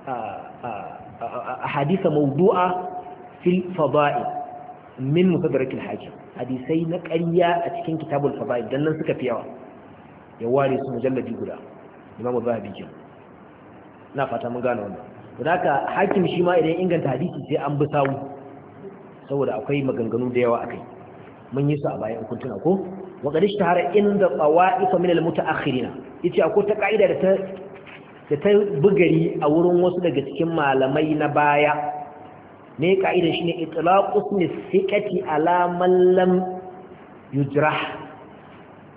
a hadisa mawdu'a fil fada'il min mufadarakil haji hadisai na ƙarya a cikin kitabul fada'il dan nan suka fi yawa ya ware su mujalladi guda imamu zahabi ke na fata mun gane wannan don haka hakim shi ma idan inganta hadisi sai an bi sawu saboda akwai maganganu da yawa akai mun yi su a bayan kun ko wa qad ishtahara inda fa min al-muta'akhirina yace akwai ta ka'ida da ta da ta bugari a wurin wasu daga cikin malamai na baya ne shi shine itlaqus nisikati sikati man lam yujrah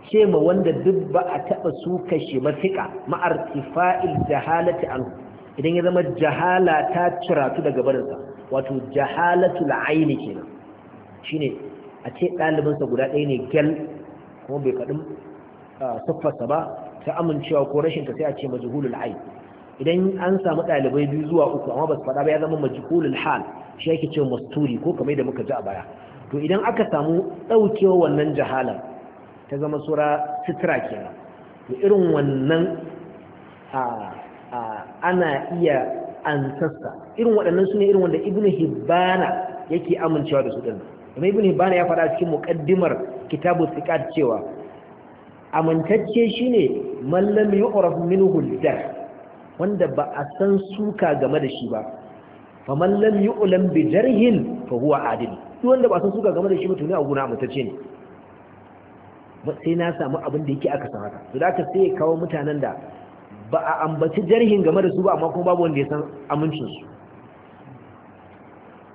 ce ma wanda duk ba a taba suka shi ba fika ma'ar tifa'il jahalati an idan ya zama jahala ta ciratu daga barinsa wato jahalatul aini kenan shine a ce ɗalibinsa guda ɗaya ne gal. kuma bai faɗin ah, siffarsa ba ta amincewa ko rashin ta sai a ce majhulul aini idan an samu ɗalibai biyu zuwa uku amma ba su faɗa ba ya zama majhulul hal shi yake cewa masturi ko kamar da muka ji a baya to idan aka samu ɗaukewa wannan jahalar ta zama sura sitira kenan to irin wannan ana iya ansasta irin waɗannan su ne irin wanda ibnu hibbana yake amincewa da su ɗin kuma ibnu hibbana ya faɗa cikin muƙaddimar kitabu siqat cewa amintacce shine man lam yu'raf minhu al wanda ba a san suka game da shi ba faman lam yu'lam bi jarhin fa huwa adil duk wanda ba san suka game da shi mutune a guna mutace ne sai na samu abin da yake aka san haka to da aka sai kawo mutanen da ba a ambaci jarhin game da su ba amma kuma babu wanda ya san amincin su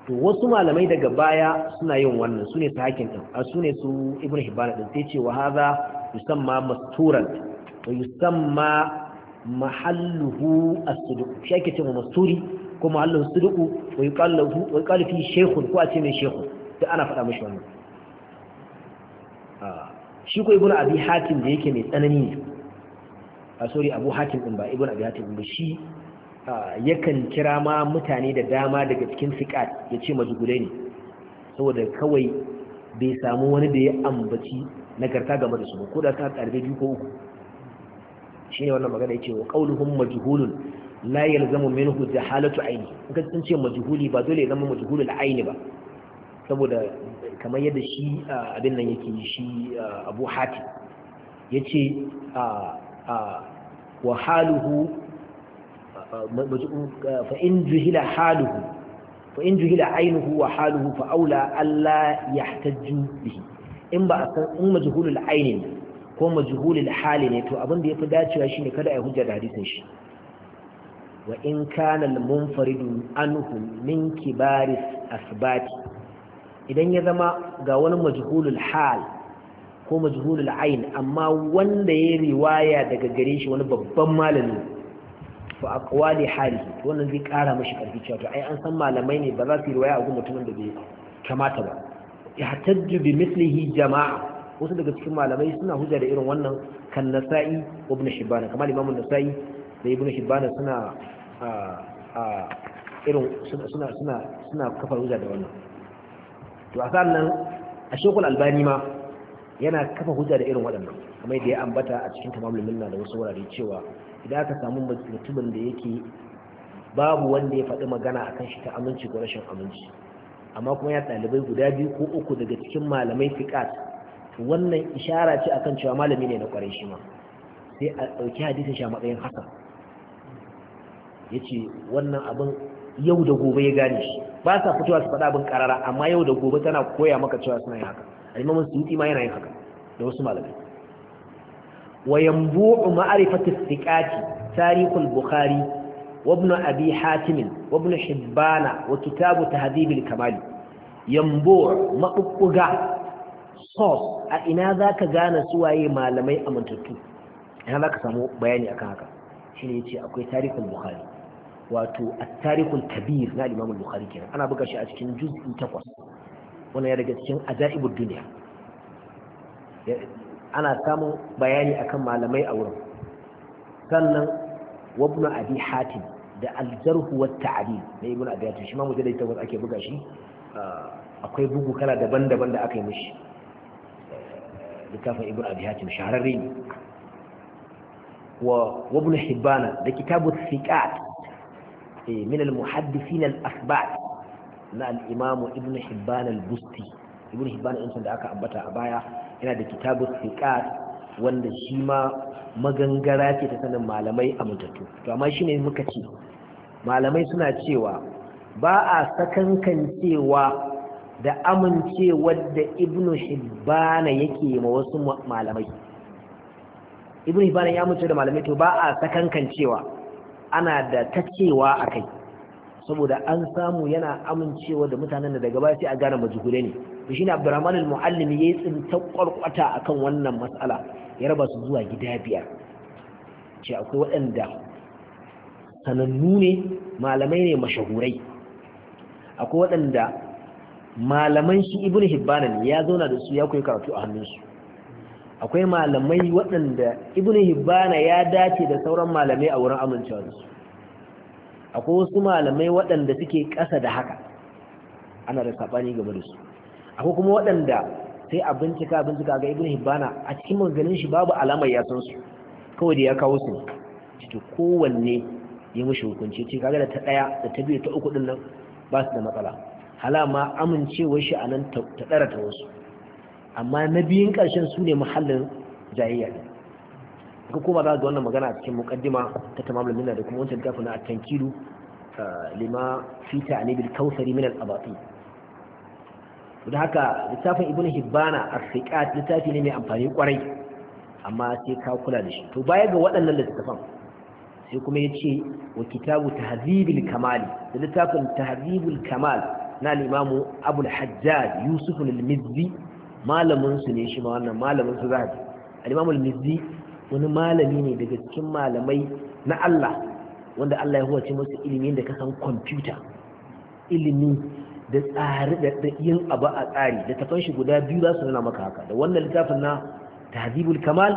to wasu malamai daga baya suna yin wannan sune ta hakin din a sune su ibnu hibban din sai ce wa hadha yusamma masturan wa yusamma mahalluhu as sudu shi ake cewa masturi ko mahalluhu as sudu ko yuqalu lahu wa yuqalu fi shaykhun ko a ce mai shaykhun Sai ana faɗa mishi wannan ah, shi ko ibnu abi hatim da yake mai tsanani ne a ah, sori abu hatim din ba ibnu abi hatim ba shi ah, yakan kira ma mutane da dama daga cikin fiqat ya ce majugulai ne saboda kawai bai samu wani da ya ambaci nagarta game da su ba ko da ka karbe biyu ko uku shine wannan magana yake wa qauluhum majhulun la yalzamu minhu jahalatu aini in ka tsince majhuli ba dole ya zama majhulul aini ba saboda kamar yadda shi abin nan yake shi abu hatim yace wa haluhu fa in juhila haluhu fa in juhila wa haluhu fa aula alla yahtaju bihi in ba a san in majhulul aini ko majhulil hali ne to abin da ya fi dacewa shine kada yi hujjar da hadisin shi wa in kana munfaridu anhu min kibaris asbat idan ya zama ga wani majhulul hal ko majhulul ain. amma wanda ya riwaya daga gare shi wani babban malami fa aqwali halihi wannan zai kara mashi karfi cewa to ai an san malamai ne ba za su riwaya a mutumin da bai kamata ba yahtajju bi mislihi jama'a wasu daga cikin malamai suna hujja da irin wannan kan nasa'i ibn hibban kamar imam nasa'i da ibn hibban suna a irin suna suna suna kafa hujja da wannan to a sannan a shekul albani ma yana kafa hujja da irin waɗannan kamar da ya ambata a cikin tamamul minna da wasu wurare cewa idan aka samu mutumin da yake babu wanda ya faɗi magana akan shi ta aminci ko rashin aminci amma kuma ya ɗalibai guda biyu ko uku daga cikin malamai fiƙat wannan ishara ce akan cewa malami ne na ƙwarai shi ma sai a ɗauki hadisin shi a matsayin hasan ya ce wannan abin yau da gobe ya gane shi ba sa fitowa su faɗa abin ƙarara amma yau da gobe tana koya maka cewa suna yin haka alimamin su yi ma yana yin haka da wasu malamai wa yambu'u ma'rifatu thiqati tarikul bukhari wa ibn abi hatim wa ibn hibbana wa kitabu tahdhib al-kamal yambu' maɓuɓɓuga. source a ina za ka gane suwaye malamai a mantattu? ina za ka samu bayani akan haka shi ne ce akwai tarihul bukhari wato a tarihul kabir na limamun bukhari kenan ana buga shi a cikin juz'i takwas wani ya daga cikin ajaibul duniya ana samun bayani akan malamai a wurin sannan wabnu abi hatim da aljarhu wa ta'dil na ibn abi hatim shi ma mujallid takwas ake buga shi ah, akwai bugu kala daban-daban da aka yi mishi littafin ibn abi hatim shahararre ne wa ibn hibana da kitabu thiqat eh, min al-muhaddisin al-asbat na al-imam ibn hibban al-busti ibn hibban din da aka ambata a baya yana da kitabu thiqat wanda shi ma magangara ce ta sanin malamai a mutattu to amma ne muka ce malamai suna cewa ba a sakankancewa cewa da amincewar da ibn hibbana yake ma wasu malamai ibn hibbana ya amince da malamai to ba a sakankancewa ana da ta cewa a kai saboda an samu yana amincewa da mutanen da daga baya sai a gane majugule ne to shine abdurrahman al-muallim yayi tsinta kwarkwata akan wannan matsala ya raba su zuwa gida biyar ce akwai waɗanda sanannu ne malamai ne mashahurai akwai waɗanda malaman shi ibn hibbana ne ya zauna da su ya koyi karatu a hannunsu akwai malamai waɗanda ibn hibbana ya dace da sauran malamai a wurin amincewa da su akwai wasu malamai waɗanda suke ƙasa da haka ana da saɓani game da su akwai kuma waɗanda sai a bincika bincika ga ibn hibbana a cikin maganin shi babu alamar ya san su kawai da ya kawo su ciki kowanne ya mushi hukunci ce kaga da ta ɗaya da ta biyu ta uku ɗin nan ba su da matsala halama amincewa shi a nan ta ɗara ta wasu amma na biyun ƙarshen su ne muhallin jayayya ne ka kuma za ga wannan magana a cikin mukaddima ta tamamul minna da kuma wancan littafin na tankilu ah, lima fita a nabil kausari min al-abati da haka littafin ibnu hibbana a siqat littafi ne mai amfani ƙwarai. amma sai ka kula da shi to baya ga waɗannan littafan sai kuma ya ce wa kitabu tahzibil kamali da littafin tahzibul kamal na limamu abul yusuf al-mizzi malamin su ne shi ma wannan malamin su zahabi al-imam al-mizzi wani malami ne daga cikin malamai na Allah wanda Allah ya huwace masu ilimi da kasan kwamfuta ilimi da tsari da yin abu a tsari da tafan shi guda biyu za su nuna maka haka da wannan littafin na tahzibul kamal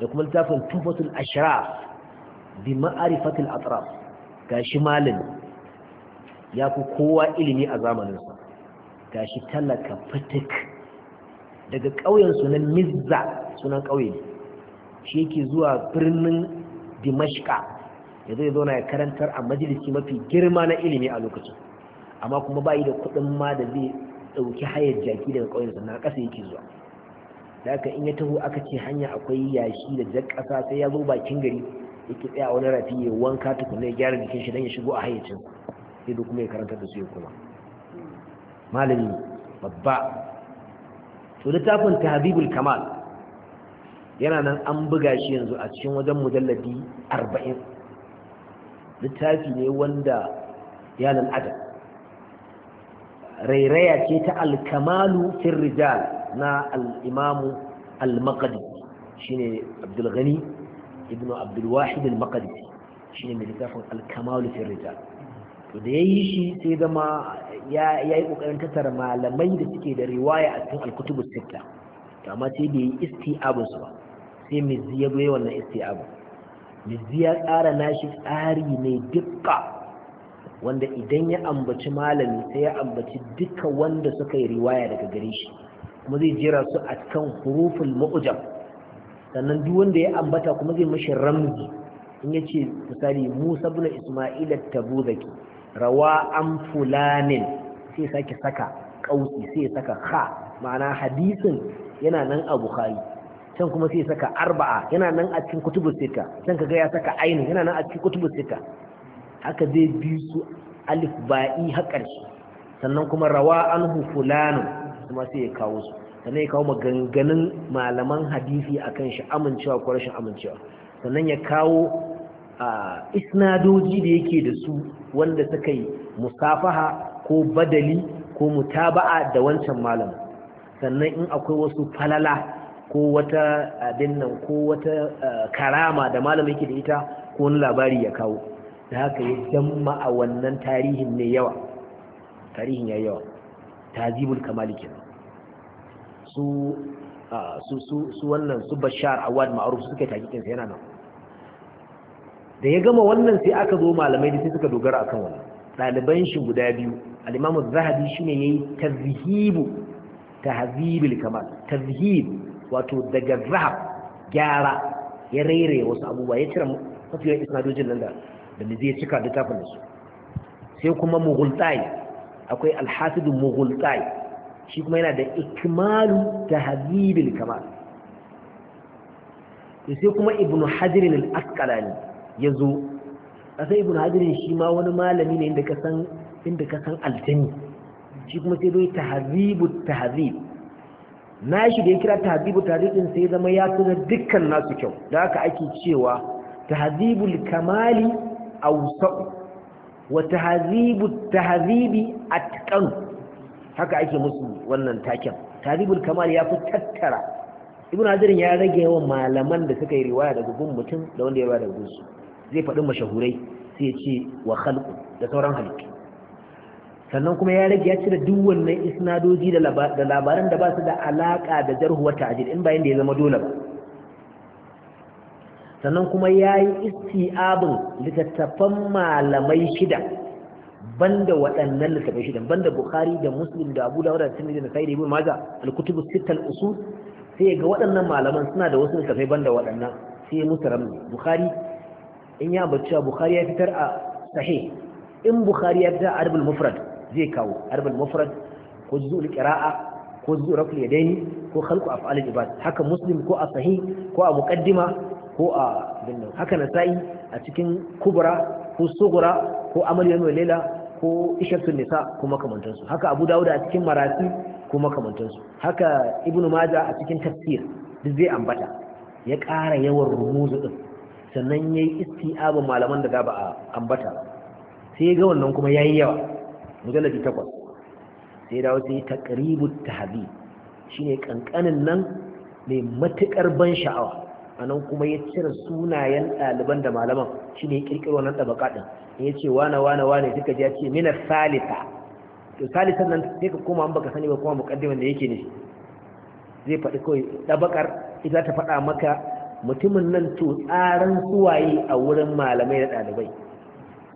da kuma littafin Ashira, ashraf bi ma'arifatil atraf gashi malami ya fi kowa ilimi a zamaninsa ga shi talaka fitik daga ƙauyensu na mizza sunan ƙauye ne shi yake zuwa birnin dimashka ya zai zauna ya karantar a majalisi mafi girma na ilimi a lokacin amma kuma bayi da kuɗin ma da zai ɗauki hayar jaki daga ƙauyensu na ƙasa yake zuwa da aka in ya taho aka ce hanya akwai yashi da jar ƙasa sai ya zo bakin gari yake tsaya wani rafi ya wanka tukuna ya gyara jikin shi don ya shigo a hayyacin sai duk kuma ya karanta da su ya kuma malami babba to littafin tahdhibul kamal yana nan an buga shi yanzu a cikin wajen mujalladi 40 littafi ne wanda ya adam rairaya ce ta alkamalu fil rijal na alimamu imamu al-maqdisi shine abdul ghani ibnu abdul wahid shine mai littafin alkamalu fil rijal to da ya yi shi sai zama ya yi ƙoƙarin tattara malamai da suke da riwaya a cikin alkutubu sitta to amma sai bai yi isti'abun su ba sai mizzi ya zo wannan isti'abun mizzi ya tsara nashi tsari mai dukka wanda idan ya ambaci malami sai ya ambaci duka wanda suka yi riwaya daga gare shi kuma zai jira su a kan huruful mu'jam sannan duk wanda ya ambata kuma zai mashi ramzi in ya ce misali musa bin isma'ila tabuzaki rawa an fulanin sai sake saka ƙausi sai saka kha. ma'ana hadisin yana nan a bukhari can kuma sai saka arba'a yana nan a cikin kutubus sita can kaga ya saka ainu yana nan a cikin kutubus sita haka zai bi su alif ba'i har ƙarshe sannan kuma rawa anhu fulanu kuma sai ya kawo su sannan ya kawo maganganun malaman hadisi akan shi amincewa ko rashin amincewa sannan ya kawo isnadoji da yake da su wanda suka yi musafaha ko badali ko mutaba'a da wancan malam sannan in akwai wasu falala ko wata abin nan ko wata karama da malam yake da ita ko wani labari ya kawo da haka ya jamma a wannan tarihin ne yawa tarihin ya yawa tazibul kamali kenan su su wannan su bashar awad ma'ruf suka yi sa yana nan da ya gama wannan sai aka zo malamai da sai suka dogara kan wannan ɗaliban shi guda biyu al-imamu zahabi shine yayi tazhibu tahzibul kamal tazhib wato daga zahab gyara ya raire wasu abubuwa ya cire mafiyar isnadojin nan da da zai cika da da su sai kuma mughultai akwai al mughultai shi kuma yana da ikmalu tahzibul kamal sai kuma ibnu hajar al-asqalani ya zo sai ibn hajjirin shi ma wani malami ne inda ka inda kasan shi kuma sai dai tahzibu tahzib na shi da ya kira tahzibu tahzib din sai zama ya tuna dukkan nasu kyau da haka ake cewa tahzibul kamali awsa'u wa tahzibu tahzibi atqan haka ake musu wannan taken tahzibul kamali ya fi tattara ibn hajjirin ya rage yawan malaman da suka yi riwaya daga gun mutum da wanda ya riwaya daga gunsu zai faɗi mashahurai sai ya ce wa halku, da sauran halittu sannan kuma ya rage ya cire duk wannan isnadoji da labaran da ba su da alaƙa da jarhuwar ta'ajir in bayan da ya zama dole ba sannan kuma ya yi isti'abin littattafan malamai shida banda waɗannan littattafan shida banda Bukhari da Muslim da Abu Dawud da sun da sai da Majah al-kutub as-sittah usul sai ga waɗannan malaman suna da wasu littattafai banda waɗannan sai musu ramu Bukhari in ya bacci bukhari ya fitar a sahi. in bukhari ya fitar a arbul mufrad zai kawo arbul mufrad ko juzul qira'a ko juzul rafl yadaini ko khalqu af'al ibad haka muslim ko a sahi ko a muqaddima ko a dinnan haka nasai a cikin kubra ko sugura ko amal yawmul layla ko ishatun nisa ko makamantansu haka abu dawud a cikin marasi ko makamantansu haka ibnu maja a cikin tafsir duk zai ambata ya ƙara yawan rumuzu ɗin. sannan ya yi isti'abin malaman da za ba a ambata sai ya ga wannan kuma ya yi yawa mujalladi takwas sai dawo sai ta ƙaribin shi ne ƙanƙanin nan mai matuƙar ban sha'awa a nan kuma ya cire sunayen ɗaliban da malaman shi ne ƙirƙiro wannan ɗabaka ɗin ya ce wane wane wane suka ji ya ce mina salisa to salisan nan sai ka koma an baka sani ba kuma muƙaddiman da yake ne zai faɗi kawai ɗabakar ita ta faɗa maka mutumin nan to tsaran suwaye a wurin malamai da ɗalibai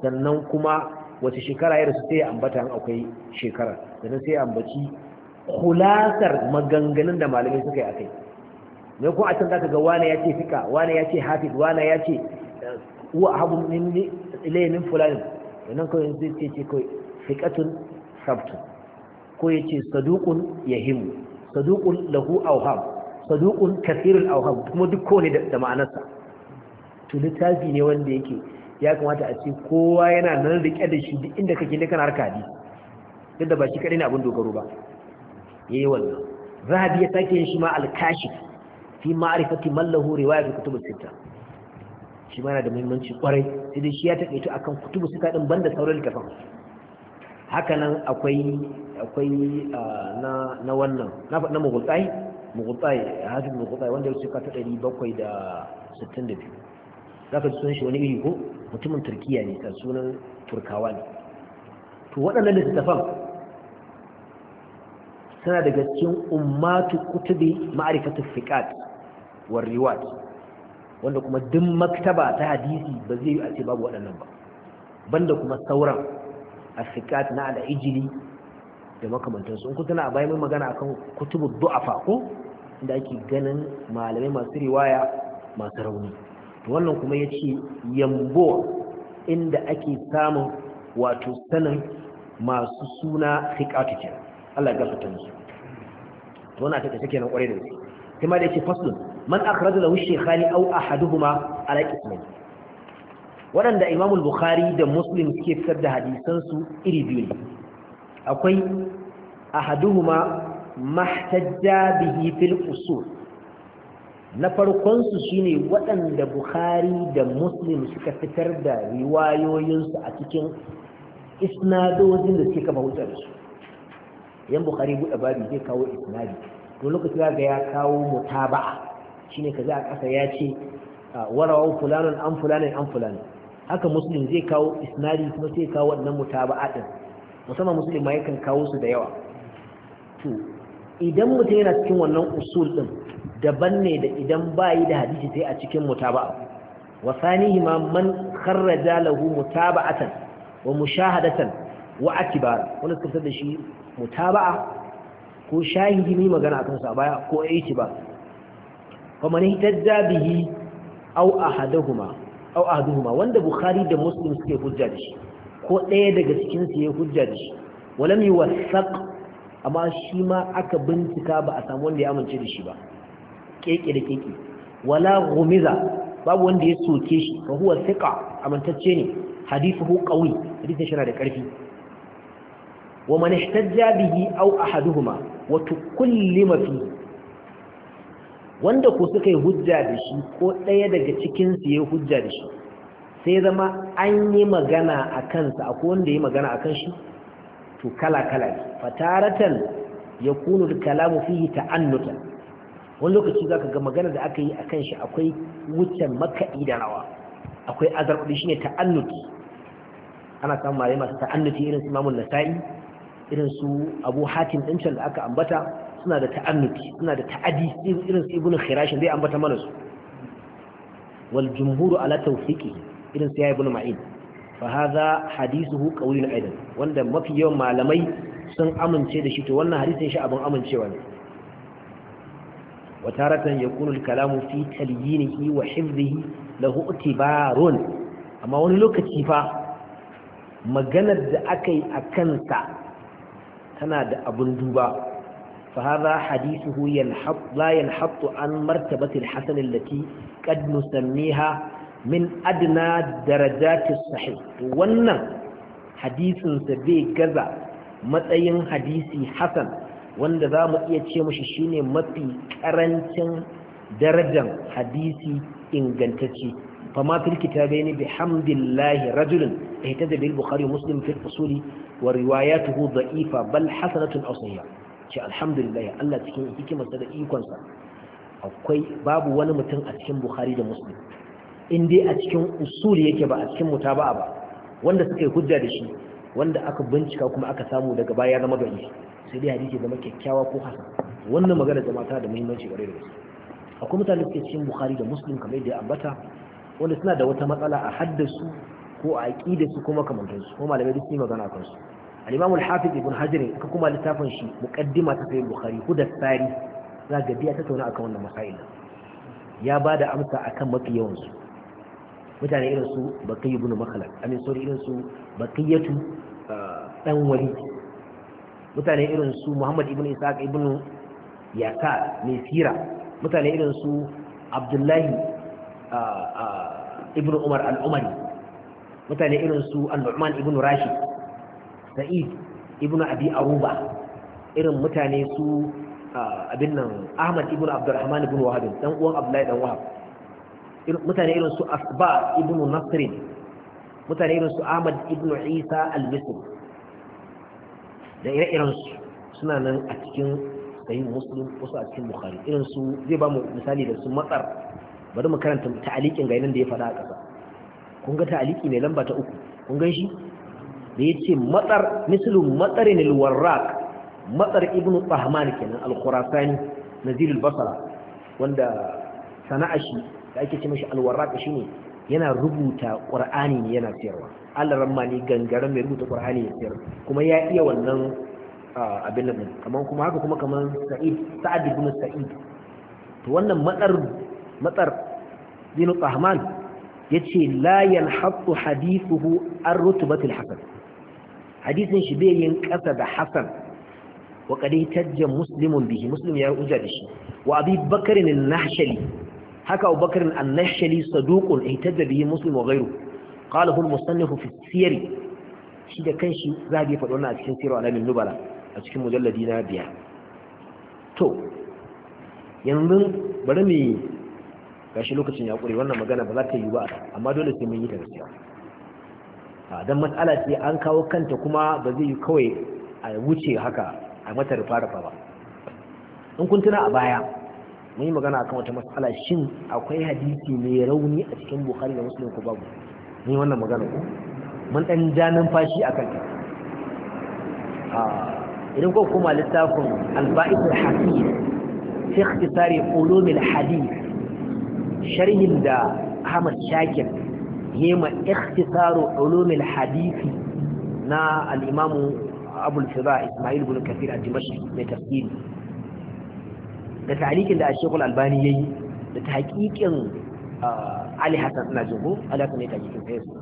sannan kuma wace shekara ya rasu sai ya ambata an akwai shekara sannan sai ya ambaci kulasar maganganun da malamai suka yi a kai ne a can ka ga wane ya ce fika wane ya ce hafid wane ya ce wa abu ilayenin fulani Sannan kawai zai ce ce kawai fikatun sabtun ko ya ce saduqun yahimu Saduƙun lahu auham. saduqun kathirul awham kuma duk kowane da ma'anarsa to littafi ne wanda yake ya kamata a ce kowa yana nan riƙe da shi duk inda kake ne kana harka hadisi duk da ba shi kadai ne abin dogaro ba yayi wannan zahabi ya sake yin shi ma al fi ma'rifati mallahu, lahu riwayat kutub sita shi ma yana da muhimmanci kwarai sai dai shi ya takaito akan kutub sita din banda sauran littafin haka nan akwai akwai ah, na na wannan na na muguntai mugutai hafiz mugutai wanda ya suka ta 762 ka ji sunan shi wani iri ko mutumin turkiya ne kan sunan turkawa ne to waɗannan littattafan suna daga cikin ummatu kutubi ma'aikatan fiqat war riwat wanda kuma duk maktaba ta hadisi ba zai yi a ce babu waɗannan ba banda kuma sauran afikat na al'ijili da makamantansu in kuna a bayan magana akan kutubu du'afa ko inda ake ganin malamai masu riwaya masu rauni wannan kuma ya ce yambo inda ake samun wato sanin masu suna fiƙatu Allah ya gafarta musu to wannan take take nan kware da su sai ma da yake faslun man akhraja lahu shaykhani aw ahaduhuma ala ismi wadanda Imam al-Bukhari da Muslim suke fitar da hadisan su iri biyu ne akwai ahaduhuma mahtajja bihi fil usul na farkonsu shine waɗanda bukhari da muslim suka fitar da riwayoyinsu a cikin isnadojin da suke kafa hujjar su yan bukhari buɗe babi zai kawo isnadi to lokaci za ga ya kawo mutaba'a shine kaza a ƙasa ya ce warawa fulanan an fulanan an fulanan haka muslim zai kawo isnadi kuma sai kawo wannan mutaba'a din musamman muslim ma yakan kawo su da yawa idan mutum yana cikin wannan usul din daban ne da idan bayi da hadisi sai a cikin mutaba'a wa ma man kharraja lahu mutaba'atan wa mushahadatan wa atibara wannan suka da shi mutaba'a ko shahidi ne magana akan sa baya ko ba fa man ihtajja bihi aw ahaduhuma aw ahaduhuma wanda bukhari da muslim suke hujja da shi ko ɗaya daga cikin su ya hujja da shi lam yuwathaq amma shi ma aka bincika ba a samu wanda ya amince da shi ba keke da keke wala gumiza babu wanda ya soke shi fa huwa thiqa amintacce ne hadithu qawi hadithin shi na da karfi wa man ihtajja bihi aw ahaduhuma wa tukullima fi wanda ko suka yi hujja da shi ko ɗaya daga cikin su yayi hujja da shi sai zama an yi magana a kansa akwai wanda yayi magana a kan shi to kala kala ne fataratan yakunu al-kalamu fihi ta'annutan wani lokaci zaka ga magana da aka yi kan shi akwai wutan maka'i da rawa akwai azarbi shine ta'annuti ana samun malai masu ta'annuti irin su Imam nasai irin su Abu Hatim din can da aka ambata suna da ta'annuti suna da ta'adi irin su Ibn Khirash zai ambata mana su wal jumhuru ala tawfiqi irin su ya Ibn Ma'in فهذا حديثه قوي ايضا وند mafi yawan malamai sun amince da shi to wannan hadisin shi abin amincewa ne wataratan yakunu al-kalamu fi talyinihi wa hifzihi lahu itibarun amma wani lokaci fa maganar da akai a kansa tana da abun duba fa hadha hadithuhu yanhat la yanhat an martabati al lati allati qad min adina darajatis sahih wannan hadisinsa bai gaza matsayin hadisi Hassan, wanda za mu iya ce mashi shine mafi ƙarancin darajan hadisi ingantacce fama filkita bai ni bi hamdillahi rajulun da hita da bil bukari muslim fil fasuli wa riwaya tuhu za'ifa bal hasanatun ausaniya ce alhamdulillahi allah cikin hikimarsa da ikonsa akwai babu wani mutum a cikin bukari da muslim in dai a cikin usuli yake ba a cikin mutaba'a ba wanda suka yi hujja da shi wanda aka bincika kuma aka samu daga baya ya zama da'i sai dai hadisi zama kyakkyawa ko hasan wannan magana jama'a tana da muhimmanci gare da gaske akwai mutane suke cikin bukhari da muslim kamar yadda ambata wanda suna da wata matsala a haddasu ko a su kuma kamantansu ko malamai duk sun magana kan su al-imam al-hafiz ibn hajar ka kuma littafin shi muqaddima ta sahih bukhari hudat sari za ga biya ta tauna akan wannan masail ya bada amsa akan mafi yawan su mutane irin su bakai ibn makhlaq amin sori irin su bakiyatu dan uh, mutane irin su muhammad ibn isaac ibn yaka mai sira mutane irin su abdullahi uh, uh, ibn umar al'umari, mutane irin su al-nu'man ibn rashid sa'id ibn abi aruba irin mutane su abin nan ahmad ibn abdurrahman ibn wahab dan uwan abdullahi dan wahab mutane irin su asba Ibnu Nasirin, mutane irin su ahmad Ibnu isa al-misri da ire-iren su suna nan a cikin sayin muslim wasu a cikin bukhari irin su zai ba mu misali da su matsar bari mu karanta ta'alikin gainan da ya faɗa a ƙasa kun ga ta'aliki mai lamba ta uku kun gan shi da ya ce matsar mislu matsarin alwarraq matsar Ibnu tsahman kenan al-khurasani nazirul basra wanda sana'a shi da ake ce mashi alwarraq shine yana rubuta qur'ani ne yana siyarwa Allah ramma ne gangaren mai rubuta qur'ani ya siyar kuma ya iya wannan abin nan kaman kuma haka kuma kaman Sa'id Sa'ad ibn Sa'id to wannan matsar matsar bin Qahman yace la yanhattu hadithuhu ar rutubatil hasan hadisin shi bai yin kasa da hasan wa qad tajja muslimun bihi muslim ya uja da shi wa abi bakr an-nahshali haka Abubakar Bakr an-Nashli saduqun da bihi Muslim wa ghayru qalahu al-musannif fi siyar shi da kanshi zabi faɗo wannan a cikin sirru alamin nubala a cikin mujalladi na biya to yanzu bari mu gashi lokacin ya kure wannan magana ba za ta yi ba amma dole sai mun yi ta gaskiya a dan mas'ala ce an kawo kanta kuma ba zai yi kawai a wuce haka a mata rufa rufa ba in kun tuna a baya mun yi magana akan wata matsala shin akwai hadisi mai rauni a cikin bukhari da musulun ku babu mun yi wannan magana ko mun dan ja numfashi akan ta idan ko kuma littafin al-ba'id al-hafiz fi ikhtisari ulum al-hadith sharhin da Ahmad Shakir yema ikhtisaru ulum al-hadith na al-imam Abu al-Fida Ismail ibn Kathir al-Dimashqi mai tafsiri da tarikin da ashekul albani ya yi da taƙiƙin ah, ali hassan na jihu alaƙa ne taƙiƙin sai su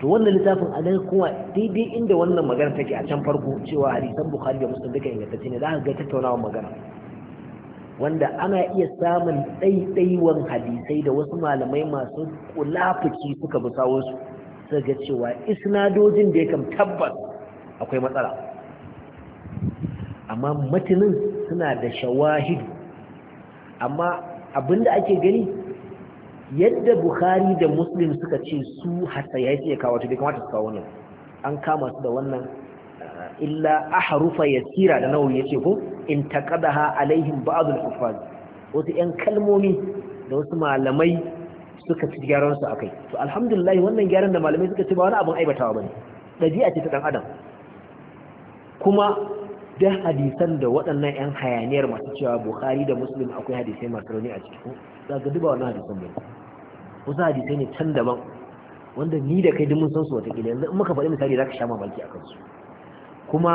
to wannan littafin a nan kuma daidai inda wannan magana take a can farko cewa hadisan bukhari da muslim duka ingantacce ne za ka ga tattaunawa magana wanda ana iya samun ɗaiɗaiwan hadisai da wasu malamai masu kulafuki suka bi sawunsu suka ga cewa isnadojin da ya kam tabbas akwai matsala amma matanin suna da shawahidu amma abinda ake gani yadda bukhari da muslim suka ce su hatta ya kawo ta bai kamata su kawo wannan an kama su da wannan uh, illa ya yasira da ya ce ko in taqadaha alaihim alaihin al wasu yan kalmomi da wasu malamai suka ci gyaran su akai to alhamdulillah wannan gyaran da malamai suka ci ba wani abin aibatawa bane dabi'a ce ta ɗan adam kuma duk hadisan da waɗannan 'yan hayaniyar masu cewa bukhari da muslim akwai hadisai masu rauni a cikin za ka duba wannan hadisan ne? wasu hadisai ne can daban wanda ni da kai mun san su watakila yanzu in muka faɗi misali za ka sha mamaki a kansu kuma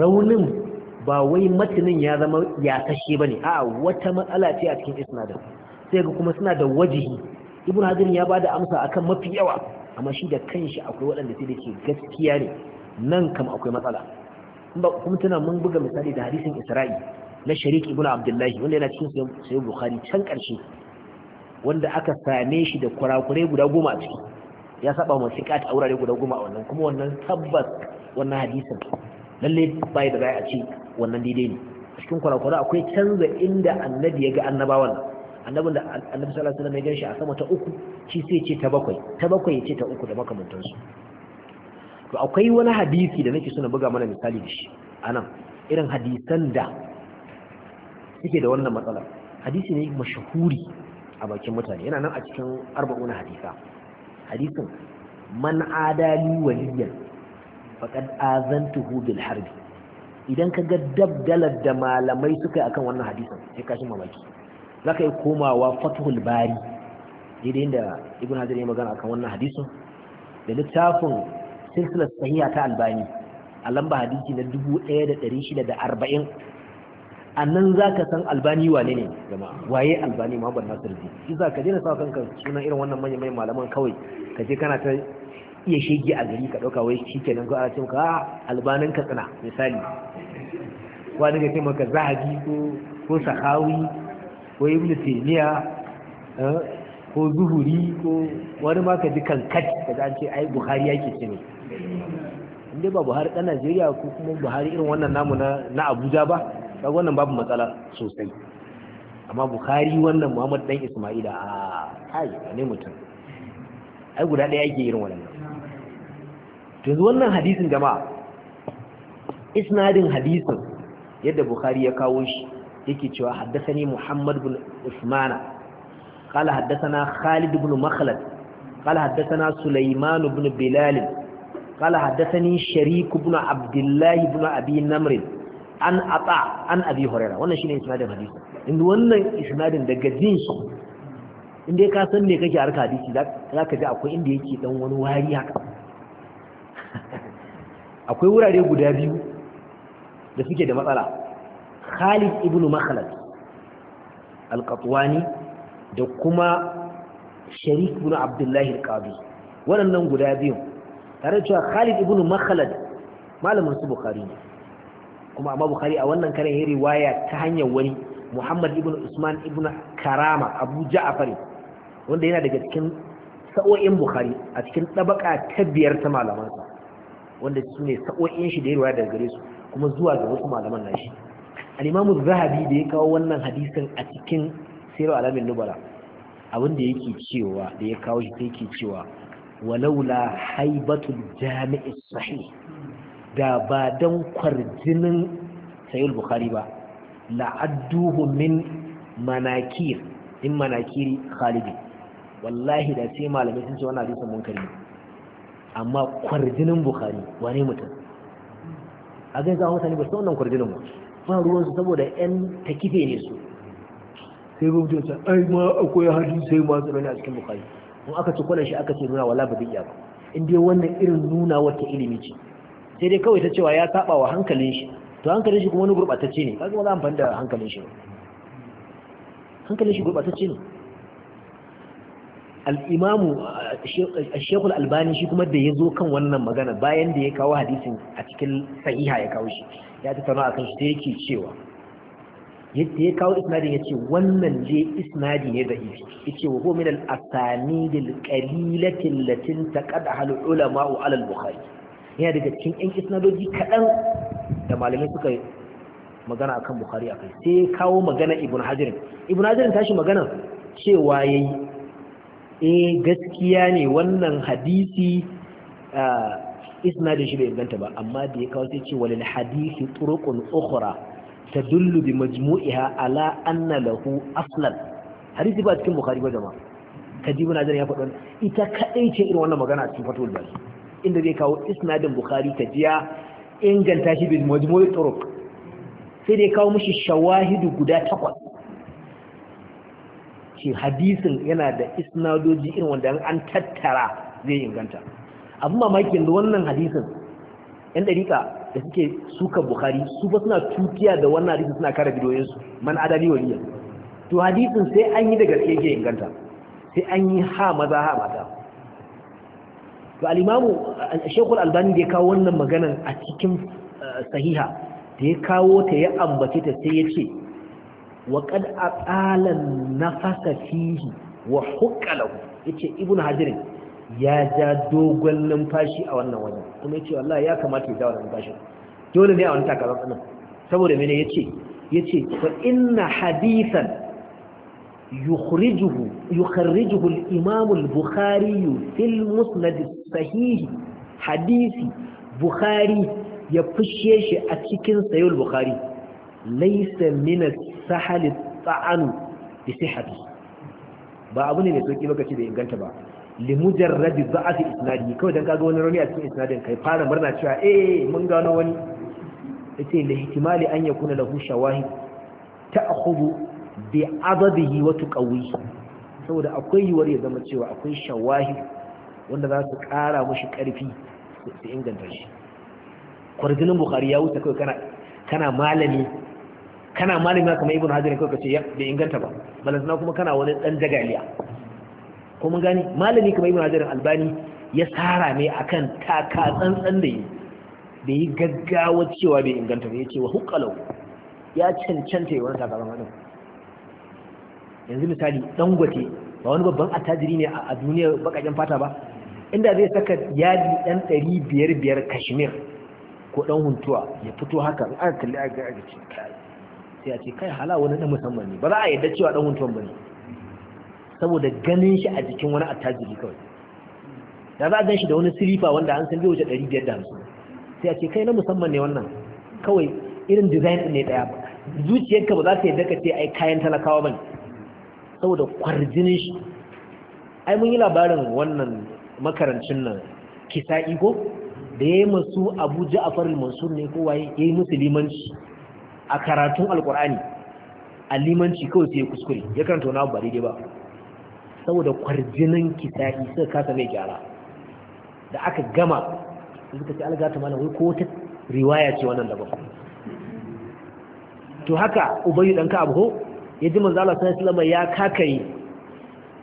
raunin ba wai matanin ya zama tashe ba ne a wata matsala ce a cikin isnadin sai ga kuma suna da wajihi ibn hajar ya ba da amsa akan mafi yawa amma shi da kanshi akwai waɗanda sai da ke gaskiya ne nan kam akwai matsala kuma tana mun buga misali da hadisin isra'i na sharik ibn abdullahi wanda yana cikin sayo bukhari can karshe wanda aka same shi da kurakurai guda goma a ciki ya saba mu sikat a wurare guda goma a wannan kuma wannan tabbas wannan hadisin lalle bai da bai a ce wannan daidai ne cikin kurakurai akwai canza inda annabi ya ga annabawan annabin da annabi sallallahu alaihi wasallam ya gan shi a sama ta uku shi sai ce ta bakwai ta bakwai ya ce ta uku da makamantansu to akwai wani hadisi da nake suna buga mana misali da shi anan irin hadisan da suke da wannan matsalar hadisi ne mashahuri a bakin mutane yana nan a cikin arba'una hadisa hadisin man adali waliyan faqad azantuhu bil harbi idan ka ga dabdalar da malamai suka yi akan wannan hadisin sai ka shi mamaki zaka yi komawa fathul bari daidai da ibn hajar ya magana akan wannan hadisin da littafin silsilar sahiya ta albani a lamba hadisi na 1640 a nan za ka san albani wane ne waye albani ban nasir ji shi za ka je na sa kanka sunan irin wannan manyan manyan malaman kawai ka je kana ta iya shege a gari ka ɗauka wai shi nan, ko ana ce maka ah, albanin ka tsana misali wani ga ce maka zahabi ko sahawi ko ibnu taymiya eh, ko zuhuri ko wani ma ka ji kankat ka an ce ai buhari yake ce ne inda ba buhari ɗan najeriya ko kuma buhari irin wannan namu na abuja ba kaga wannan babu matsala sosai amma buhari wannan muhammad dan ismaila a kai ne mutum ai guda ɗaya yake irin wannan yanzu wannan hadisin jama'a isnadin hadisin yadda bukhari ya kawo shi yake cewa ne muhammad bin usmana qala haddathana khalid bin makhlad qala haddathana sulaiman bin bilal قال حدثني شريك بن عبد الله بن ابي نمر عن عطاء عن ابي هريره wannan shine isnadin hadisi in wannan isnadin daga jin shi ka san me kake harka hadisi za ka ji akwai inda yake dan wani wari haka akwai wurare guda biyu da suke da matsala Khalid ibn Makhlad al-Qatwani da kuma Sharik ibn Abdullah al-Qadi waɗannan guda biyun tare da cewa Khalid ibn Makhlad malamin su Bukhari ne kuma amma Bukhari a wannan karin hiri riwaya ta hanyar wani Muhammad ibn Usman ibn Karama Abu Ja'far wanda yana daga cikin sa'o'in Bukhari a cikin tabaka ta biyar ta malamansa wanda su ne sa'o'in shi da ya riwaya daga gare su kuma zuwa ga wasu malaman nashi al-Imam Zahabi da ya kawo wannan hadisin a cikin Sirru Alamin Nubala abin da yake cewa da ya kawo shi yake cewa walaula haibatul jami'is sahih da ba dan kwarjinin sayyid bukhari ba la'adduhu min manakir in manakiri khalidi wallahi da sai malamai sun ce wannan hadisin munkari amma kwarjinin bukari wane mutum a ga zama mutane ba su wannan kwarjinin mu ba ruwan su saboda yan takife ne su sai mutum rubuta ai ma akwai hadisi sai ma tsaro a cikin bukari. in aka ci kwanan shi aka ce nuna wala ba zai iya ba in dai wannan irin nuna wata ilimi ce sai dai kawai ta cewa ya saba wa hankalin shi to hankalin shi kuma wani gurɓatacce ne kaga wani amfani da hankalin shi hankalin shi gurɓatacce ne al'imamu a shekul albani shi kuma da ya zo kan wannan magana bayan da ya kawo hadisin a cikin sahiha ya kawo shi ya tattauna a kan shi ta yake cewa yadda ya kawo isnadin ce wannan je isnadi ne da ifi yace wa huwa min al asanid al latin ta taqada al ulama ala al bukhari yana daga cikin yan isnadoji kadan da malamai suka magana akan bukhari akai sai kawo magana ibn hajar ibn hajar tashi magana cewa yayi e eh, gaskiya ne wannan hadisi ah, isnadin shi bai inganta ba amma da ya kawo sai ce walil hadisi turuqun ukhra tadullu bi majmu'iha ala anna lahu aslan hadisi ba cikin bukhari ba jama'a kadibu nazar ya faɗa ita kadai ce irin wannan magana a cikin fatul bari inda zai kawo isnadin bukhari ta jiya inganta shi bil majmu'i turuq sai dai kawo mishi shawahidu guda takwas ce hadisin yana da isnadoji irin wanda an tattara zai inganta abin mamakin da wannan hadisin yan dariƙa da suke suka bukari su ba suna tukiya da wannan hadisin suna kare bidoyinsu man adali waliya to hadisin sai an yi da gaske ke inganta sai an yi ha maza ha mata to al-imamu shekul albani da ya kawo wannan maganan a cikin eh, sahiha da ya kawo ta ya ambace ta sai ya ce wa qad aqala nafasa fihi wa hukala, ya yace ibnu hajirin ya ja dogon numfashi a wannan wajen kuma ya ce wallahi ya kamata ya ja wannan numfashin dole ne a wani takarar tsanan saboda mene ya ce ya ce fa inna hadithan yukhrijuhu yukharrijuhu al-imam al-bukhari fil musnad sahihi hadisi bukhari ya fushe shi a cikin sayul bukhari laysa min as-sahal at-ta'an bi sihhati ba abu ne mai sauki ce da inganta ba limujarradi ba'ati isnadi kawai dan kaga wani rauni a cikin isnadin kai fara murna cewa eh mun gano wani yace la ihtimali an yakuna lahu shawahid ta'khudhu bi adadihi wa tuqawi saboda akwai yiwuwar ya zama cewa akwai shawahid wanda za su kara mushi karfi su inganta shi kwarjinin bukhari ya wuce kai kana kana malami kana malami kamar ibnu hajar kai kace ya bai inganta ba balantana kuma kana wani dan jagaliya ko mun gani malami kamar ibn hajar albani ya tsara ne akan taka tsantsan da yi da yi gaggawa cewa bai inganta ba yace wa huqalau ya cancanta yawan taka tsantsan yanzu misali dangote ba wani babban attajiri ne a duniya bakajen fata ba inda zai saka yadi dan 500 kashmir ko dan huntuwa ya fito haka in aka kalli aka ga sai a ce kai hala wani dan musamman ne ba za a yadda cewa dan huntuwan bane saboda ganin shi a jikin wani attajiri kawai da za a gan shi da wani silifa wanda an san bai wuce 550 sai a ce kai na musamman ne wannan kawai irin design ne daya ba zuciyarka ba za ta yadda ka ce ai kayan talakawa bane saboda kwarjinin shi ai mun yi labarin wannan makarancin nan kisa iko da ya yi masu abu ja'afar mansur ne kowa ya yi musu limanci a karatun alkur'ani a limanci kawai sai ya kuskure ya karanta wani abu ba daidai ba saboda kwarjinin kitabi suka kasa mai gyara da aka gama suka ce algata mana wai ko wata riwaya ce wannan daban to haka ubayu dan ka ya ji manzo Allah sallallahu alaihi wasallam ya kakayi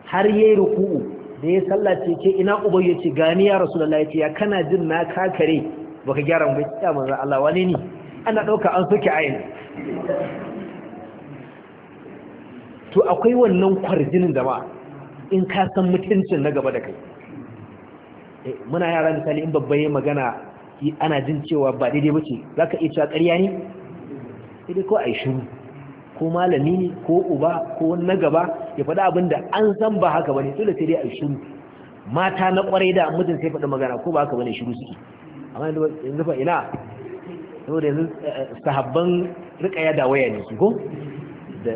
har yayi ruku'u da ya sallace ce ina ubayu ce gani ya rasulullahi ce ya kana jin na kakare baka gyara mu ya manzo Allah wani ni ana dauka an suke ayin to akwai wannan kwarjinin da ba in ka san mutuncin na gaba da kai eh, muna yara misali in babban yi magana ana jin cewa ba daidai ba ce za ka iya cewa ƙarya ne ko a shiru ko malami ne ko uba ko na gaba ya faɗi abin da an san ba haka ba ne dole sai dai a shiru mata na ƙwarai da mutum sai faɗi magana ko ba haka ba ne shiru suke amma yanzu fa ina saboda yanzu eh, eh, sahabban ya dawaya ko da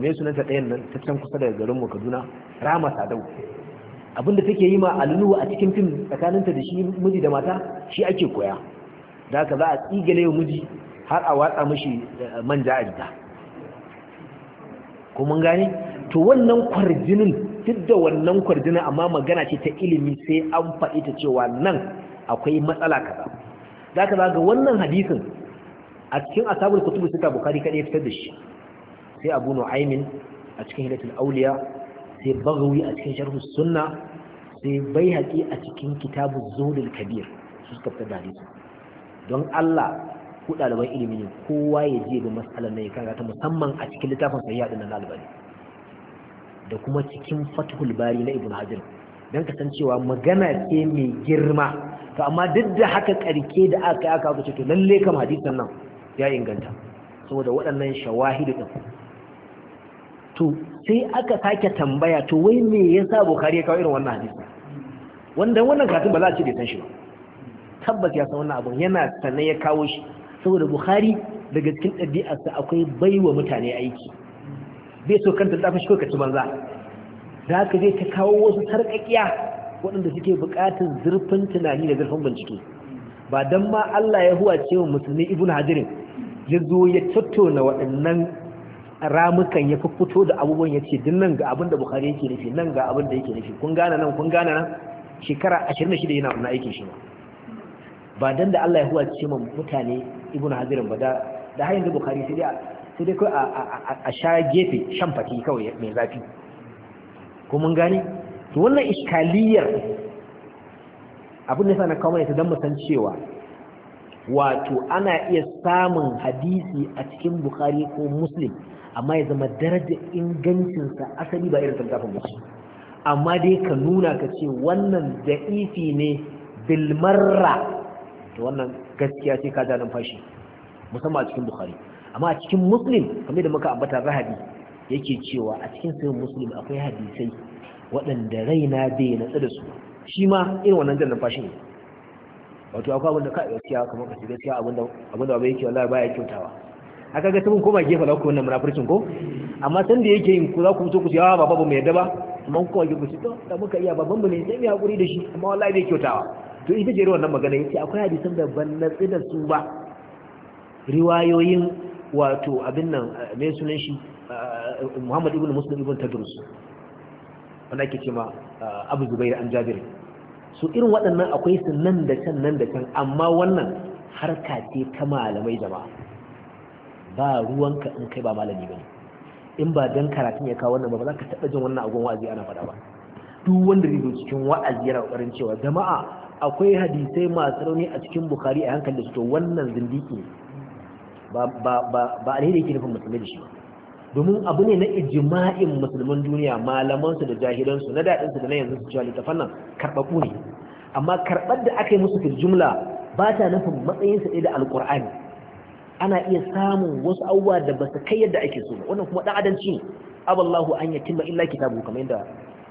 mai sunanta ɗayan nan ta can kusa da garin mu kaduna rama sadau abinda take yi ma alulu a cikin fim tsakaninta da shi miji da mata shi ake koya da haka za a tsigale miji har a watsa mashi eh, manja a jita ko mun gane to wannan kwarjinin duk da wannan kwarjinin amma magana ce ta ilimi sai an faɗi ta cewa nan akwai matsala kaza da haka za ga wannan hadisin a cikin asabul kutubu suka bukari kaɗai fitar da shi sai abu nu'aymin a cikin hilatul auliya sai bagawi a cikin sharhu sunna sai baihaqi a cikin kitabu zuhudul kabir su suka fitar da hadisi don Allah ku ɗaliban ilimi ne kowa ya je ga matsalar nan ya karanta musamman a cikin littafin sahiha din na albani da kuma cikin fathul bari na ibn hajar don kasancewa magana ce mai girma to amma duk da haka karke da aka aka wuce, to lalle kam hadisan nan ya inganta saboda waɗannan shawahidu din to sai aka sake tambaya to wai me yasa bukhari ya kawo irin wannan hadisi wanda wannan katin ba za a ce da san shi ba tabbas ya san wannan abun yana sanne ya kawo shi saboda bukhari daga cikin ɗabi'arsa akwai baiwa mutane aiki bai so kanta da shi ka ci banza da haka zai ta kawo wasu sarƙaƙiya waɗanda suke buƙatar zurfin tunani da zurfin bincike ba don ma Allah ya huwa cewa musulmi ibn hajirin ya zo ya tattauna waɗannan ramukan ya fito da abubuwan ya ce nan ga abin da bukari yake nufi nan ga abin da yake nufi kun gane nan kun gane nan shekara 26 yana wani aikin shi ba don da Allah ya huwa ce ma mutane ibn hazirin ba da da da bukari sai dai kai a sha gefe shan fati kawai mai zafi ko mun gane to wannan iskaliyar abin da sa na kawo mai ta dan mu san cewa wato ana iya samun hadisi a cikin bukari ko muslim amma ya zama daraja ingancinsa asali ba irin littafin ba amma dai ka nuna ka ce wannan da'ifi ne bilmarra to wannan gaskiya sai ka ja fashi musamman a cikin bukhari amma a cikin muslim kamar da muka ambata rahabi yake cewa a cikin sayin muslim akwai hadisai waɗanda raina bai natsu da su shi ma irin wannan jan fashi ne wato akwai abinda ka gaskiya kamar ka gaskiya abinda abinda ba yake wallahi ya kyautawa a kaga tabin koma gefe da ku wannan munafurcin ko amma san da yake yin ku za ku fito ku ce yawa ah, baba mu yadda ba amma ku kawai ku ce to da muka iya babban mu ne sai mu hakuri da shi amma wallahi bai kyautawa to ita jere wannan magana yace akwai hadisan da ban natsi da su ba riwayoyin wato abin nan eh, mai sunan shi eh, Muhammad ibn Muslim ibn Tadrus wanda ake cewa eh, Abu Zubair an Jabir su irin waɗannan akwai su nan da can nan da can amma wannan harka ce ta malamai jama'a ba ruwanka in kai ba malami ba in ba dan karatun ya kawo wannan ba ba za ka taɓa jin wannan agon wa'azi ana faɗa ba duk wanda zai cikin wa'azi yana ƙoƙarin cewa jama'a akwai hadisai masu rauni a cikin bukari a hankali da su to wannan zindiki ba daidai yake nufin musulmi da shi domin abu ne na ijima'in musulman duniya malamansu da jahilansu na daɗinsu da na yanzu su cewa littafan nan karɓaɓɓu ne amma karɓar da aka yi musu fil jumla ba ta nufin matsayinsa ɗaya da alƙur'ani ana iya samun wasu abubuwa da ba su kai yadda ake so ba. wannan kuma dan adalci ne aballahu an yatimma illa kitabu kamar yadda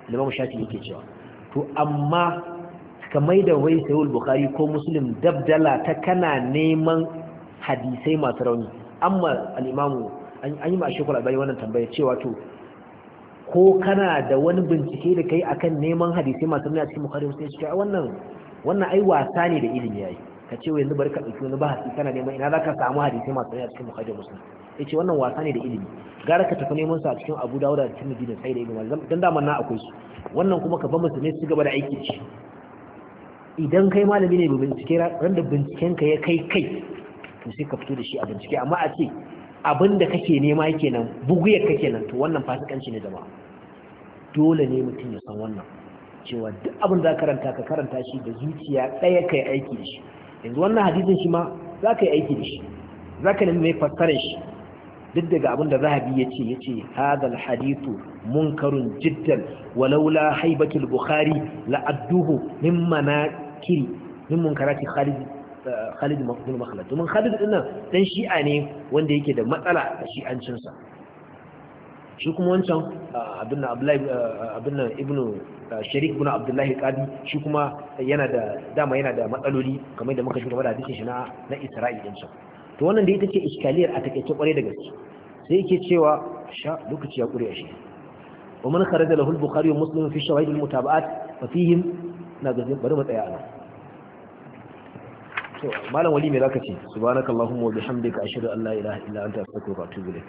Imam Shafi yake cewa to amma kamar da wai Sahih Bukhari ko Muslim dabdala ta kana neman hadisai masu rauni amma al imamu an yi ma shekul albani wannan tambaya cewa to ko kana da wani bincike da kai akan neman hadisai masu rauni a cikin Bukhari Muslim wannan wannan ai wasa ne da ilimi yayi ka ce yanzu bari ka ɗauki wani bahasi kana neman ina za ka samu hadisi masu tsaye a cikin bukhari muslim ya ce wannan wasa ne da ilimi gara ka tafi neman su a cikin abu dawuda da cikin da sai da ilimi Don daman na akwai su wannan kuma ka ba musu ne su gaba da aiki ci. idan kai malami ne bincike ran da binciken ka ya kai kai to sai ka fito da shi a bincike amma a ce abin da kake nema kenan buguyar ka kenan to wannan fasikanci ne jama'a dole ne mutum ya san wannan cewa duk abin da ka karanta ka karanta shi da zuciya ɗaya kai aiki da shi yanzu wannan hadisin shi ma za ka yi aiki da shi za ka nemi mai fassarar shi duk daga abin da zahabi ya ce ya ce hadal hadithu munkarun jiddan walaula haibatul bukhari la'aduhu, min manakiri min munkarati khalid khalid bin makhlad domin khalid din nan dan shi'a ne wanda yake da matsala a shi'ancinsa shi kuma wancan abin nan ibnu sharik abdullahi kadi shi kuma yana da dama yana da matsaloli kamar da muka shi game da hadisin shi na na isra'i din to wannan da ita ce iskaliyar a takaice kware da gaske sai yake cewa sha lokaci ya kure shi wa man kharaja lahu al-bukhari wa muslim fi shawahid al-mutaba'at fa fihim na gazi bari mu tsaya ana to malam wali me zaka ce subhanakallahumma wa bihamdika ashhadu an la ilaha illa anta astaghfiruka wa atubu ilayk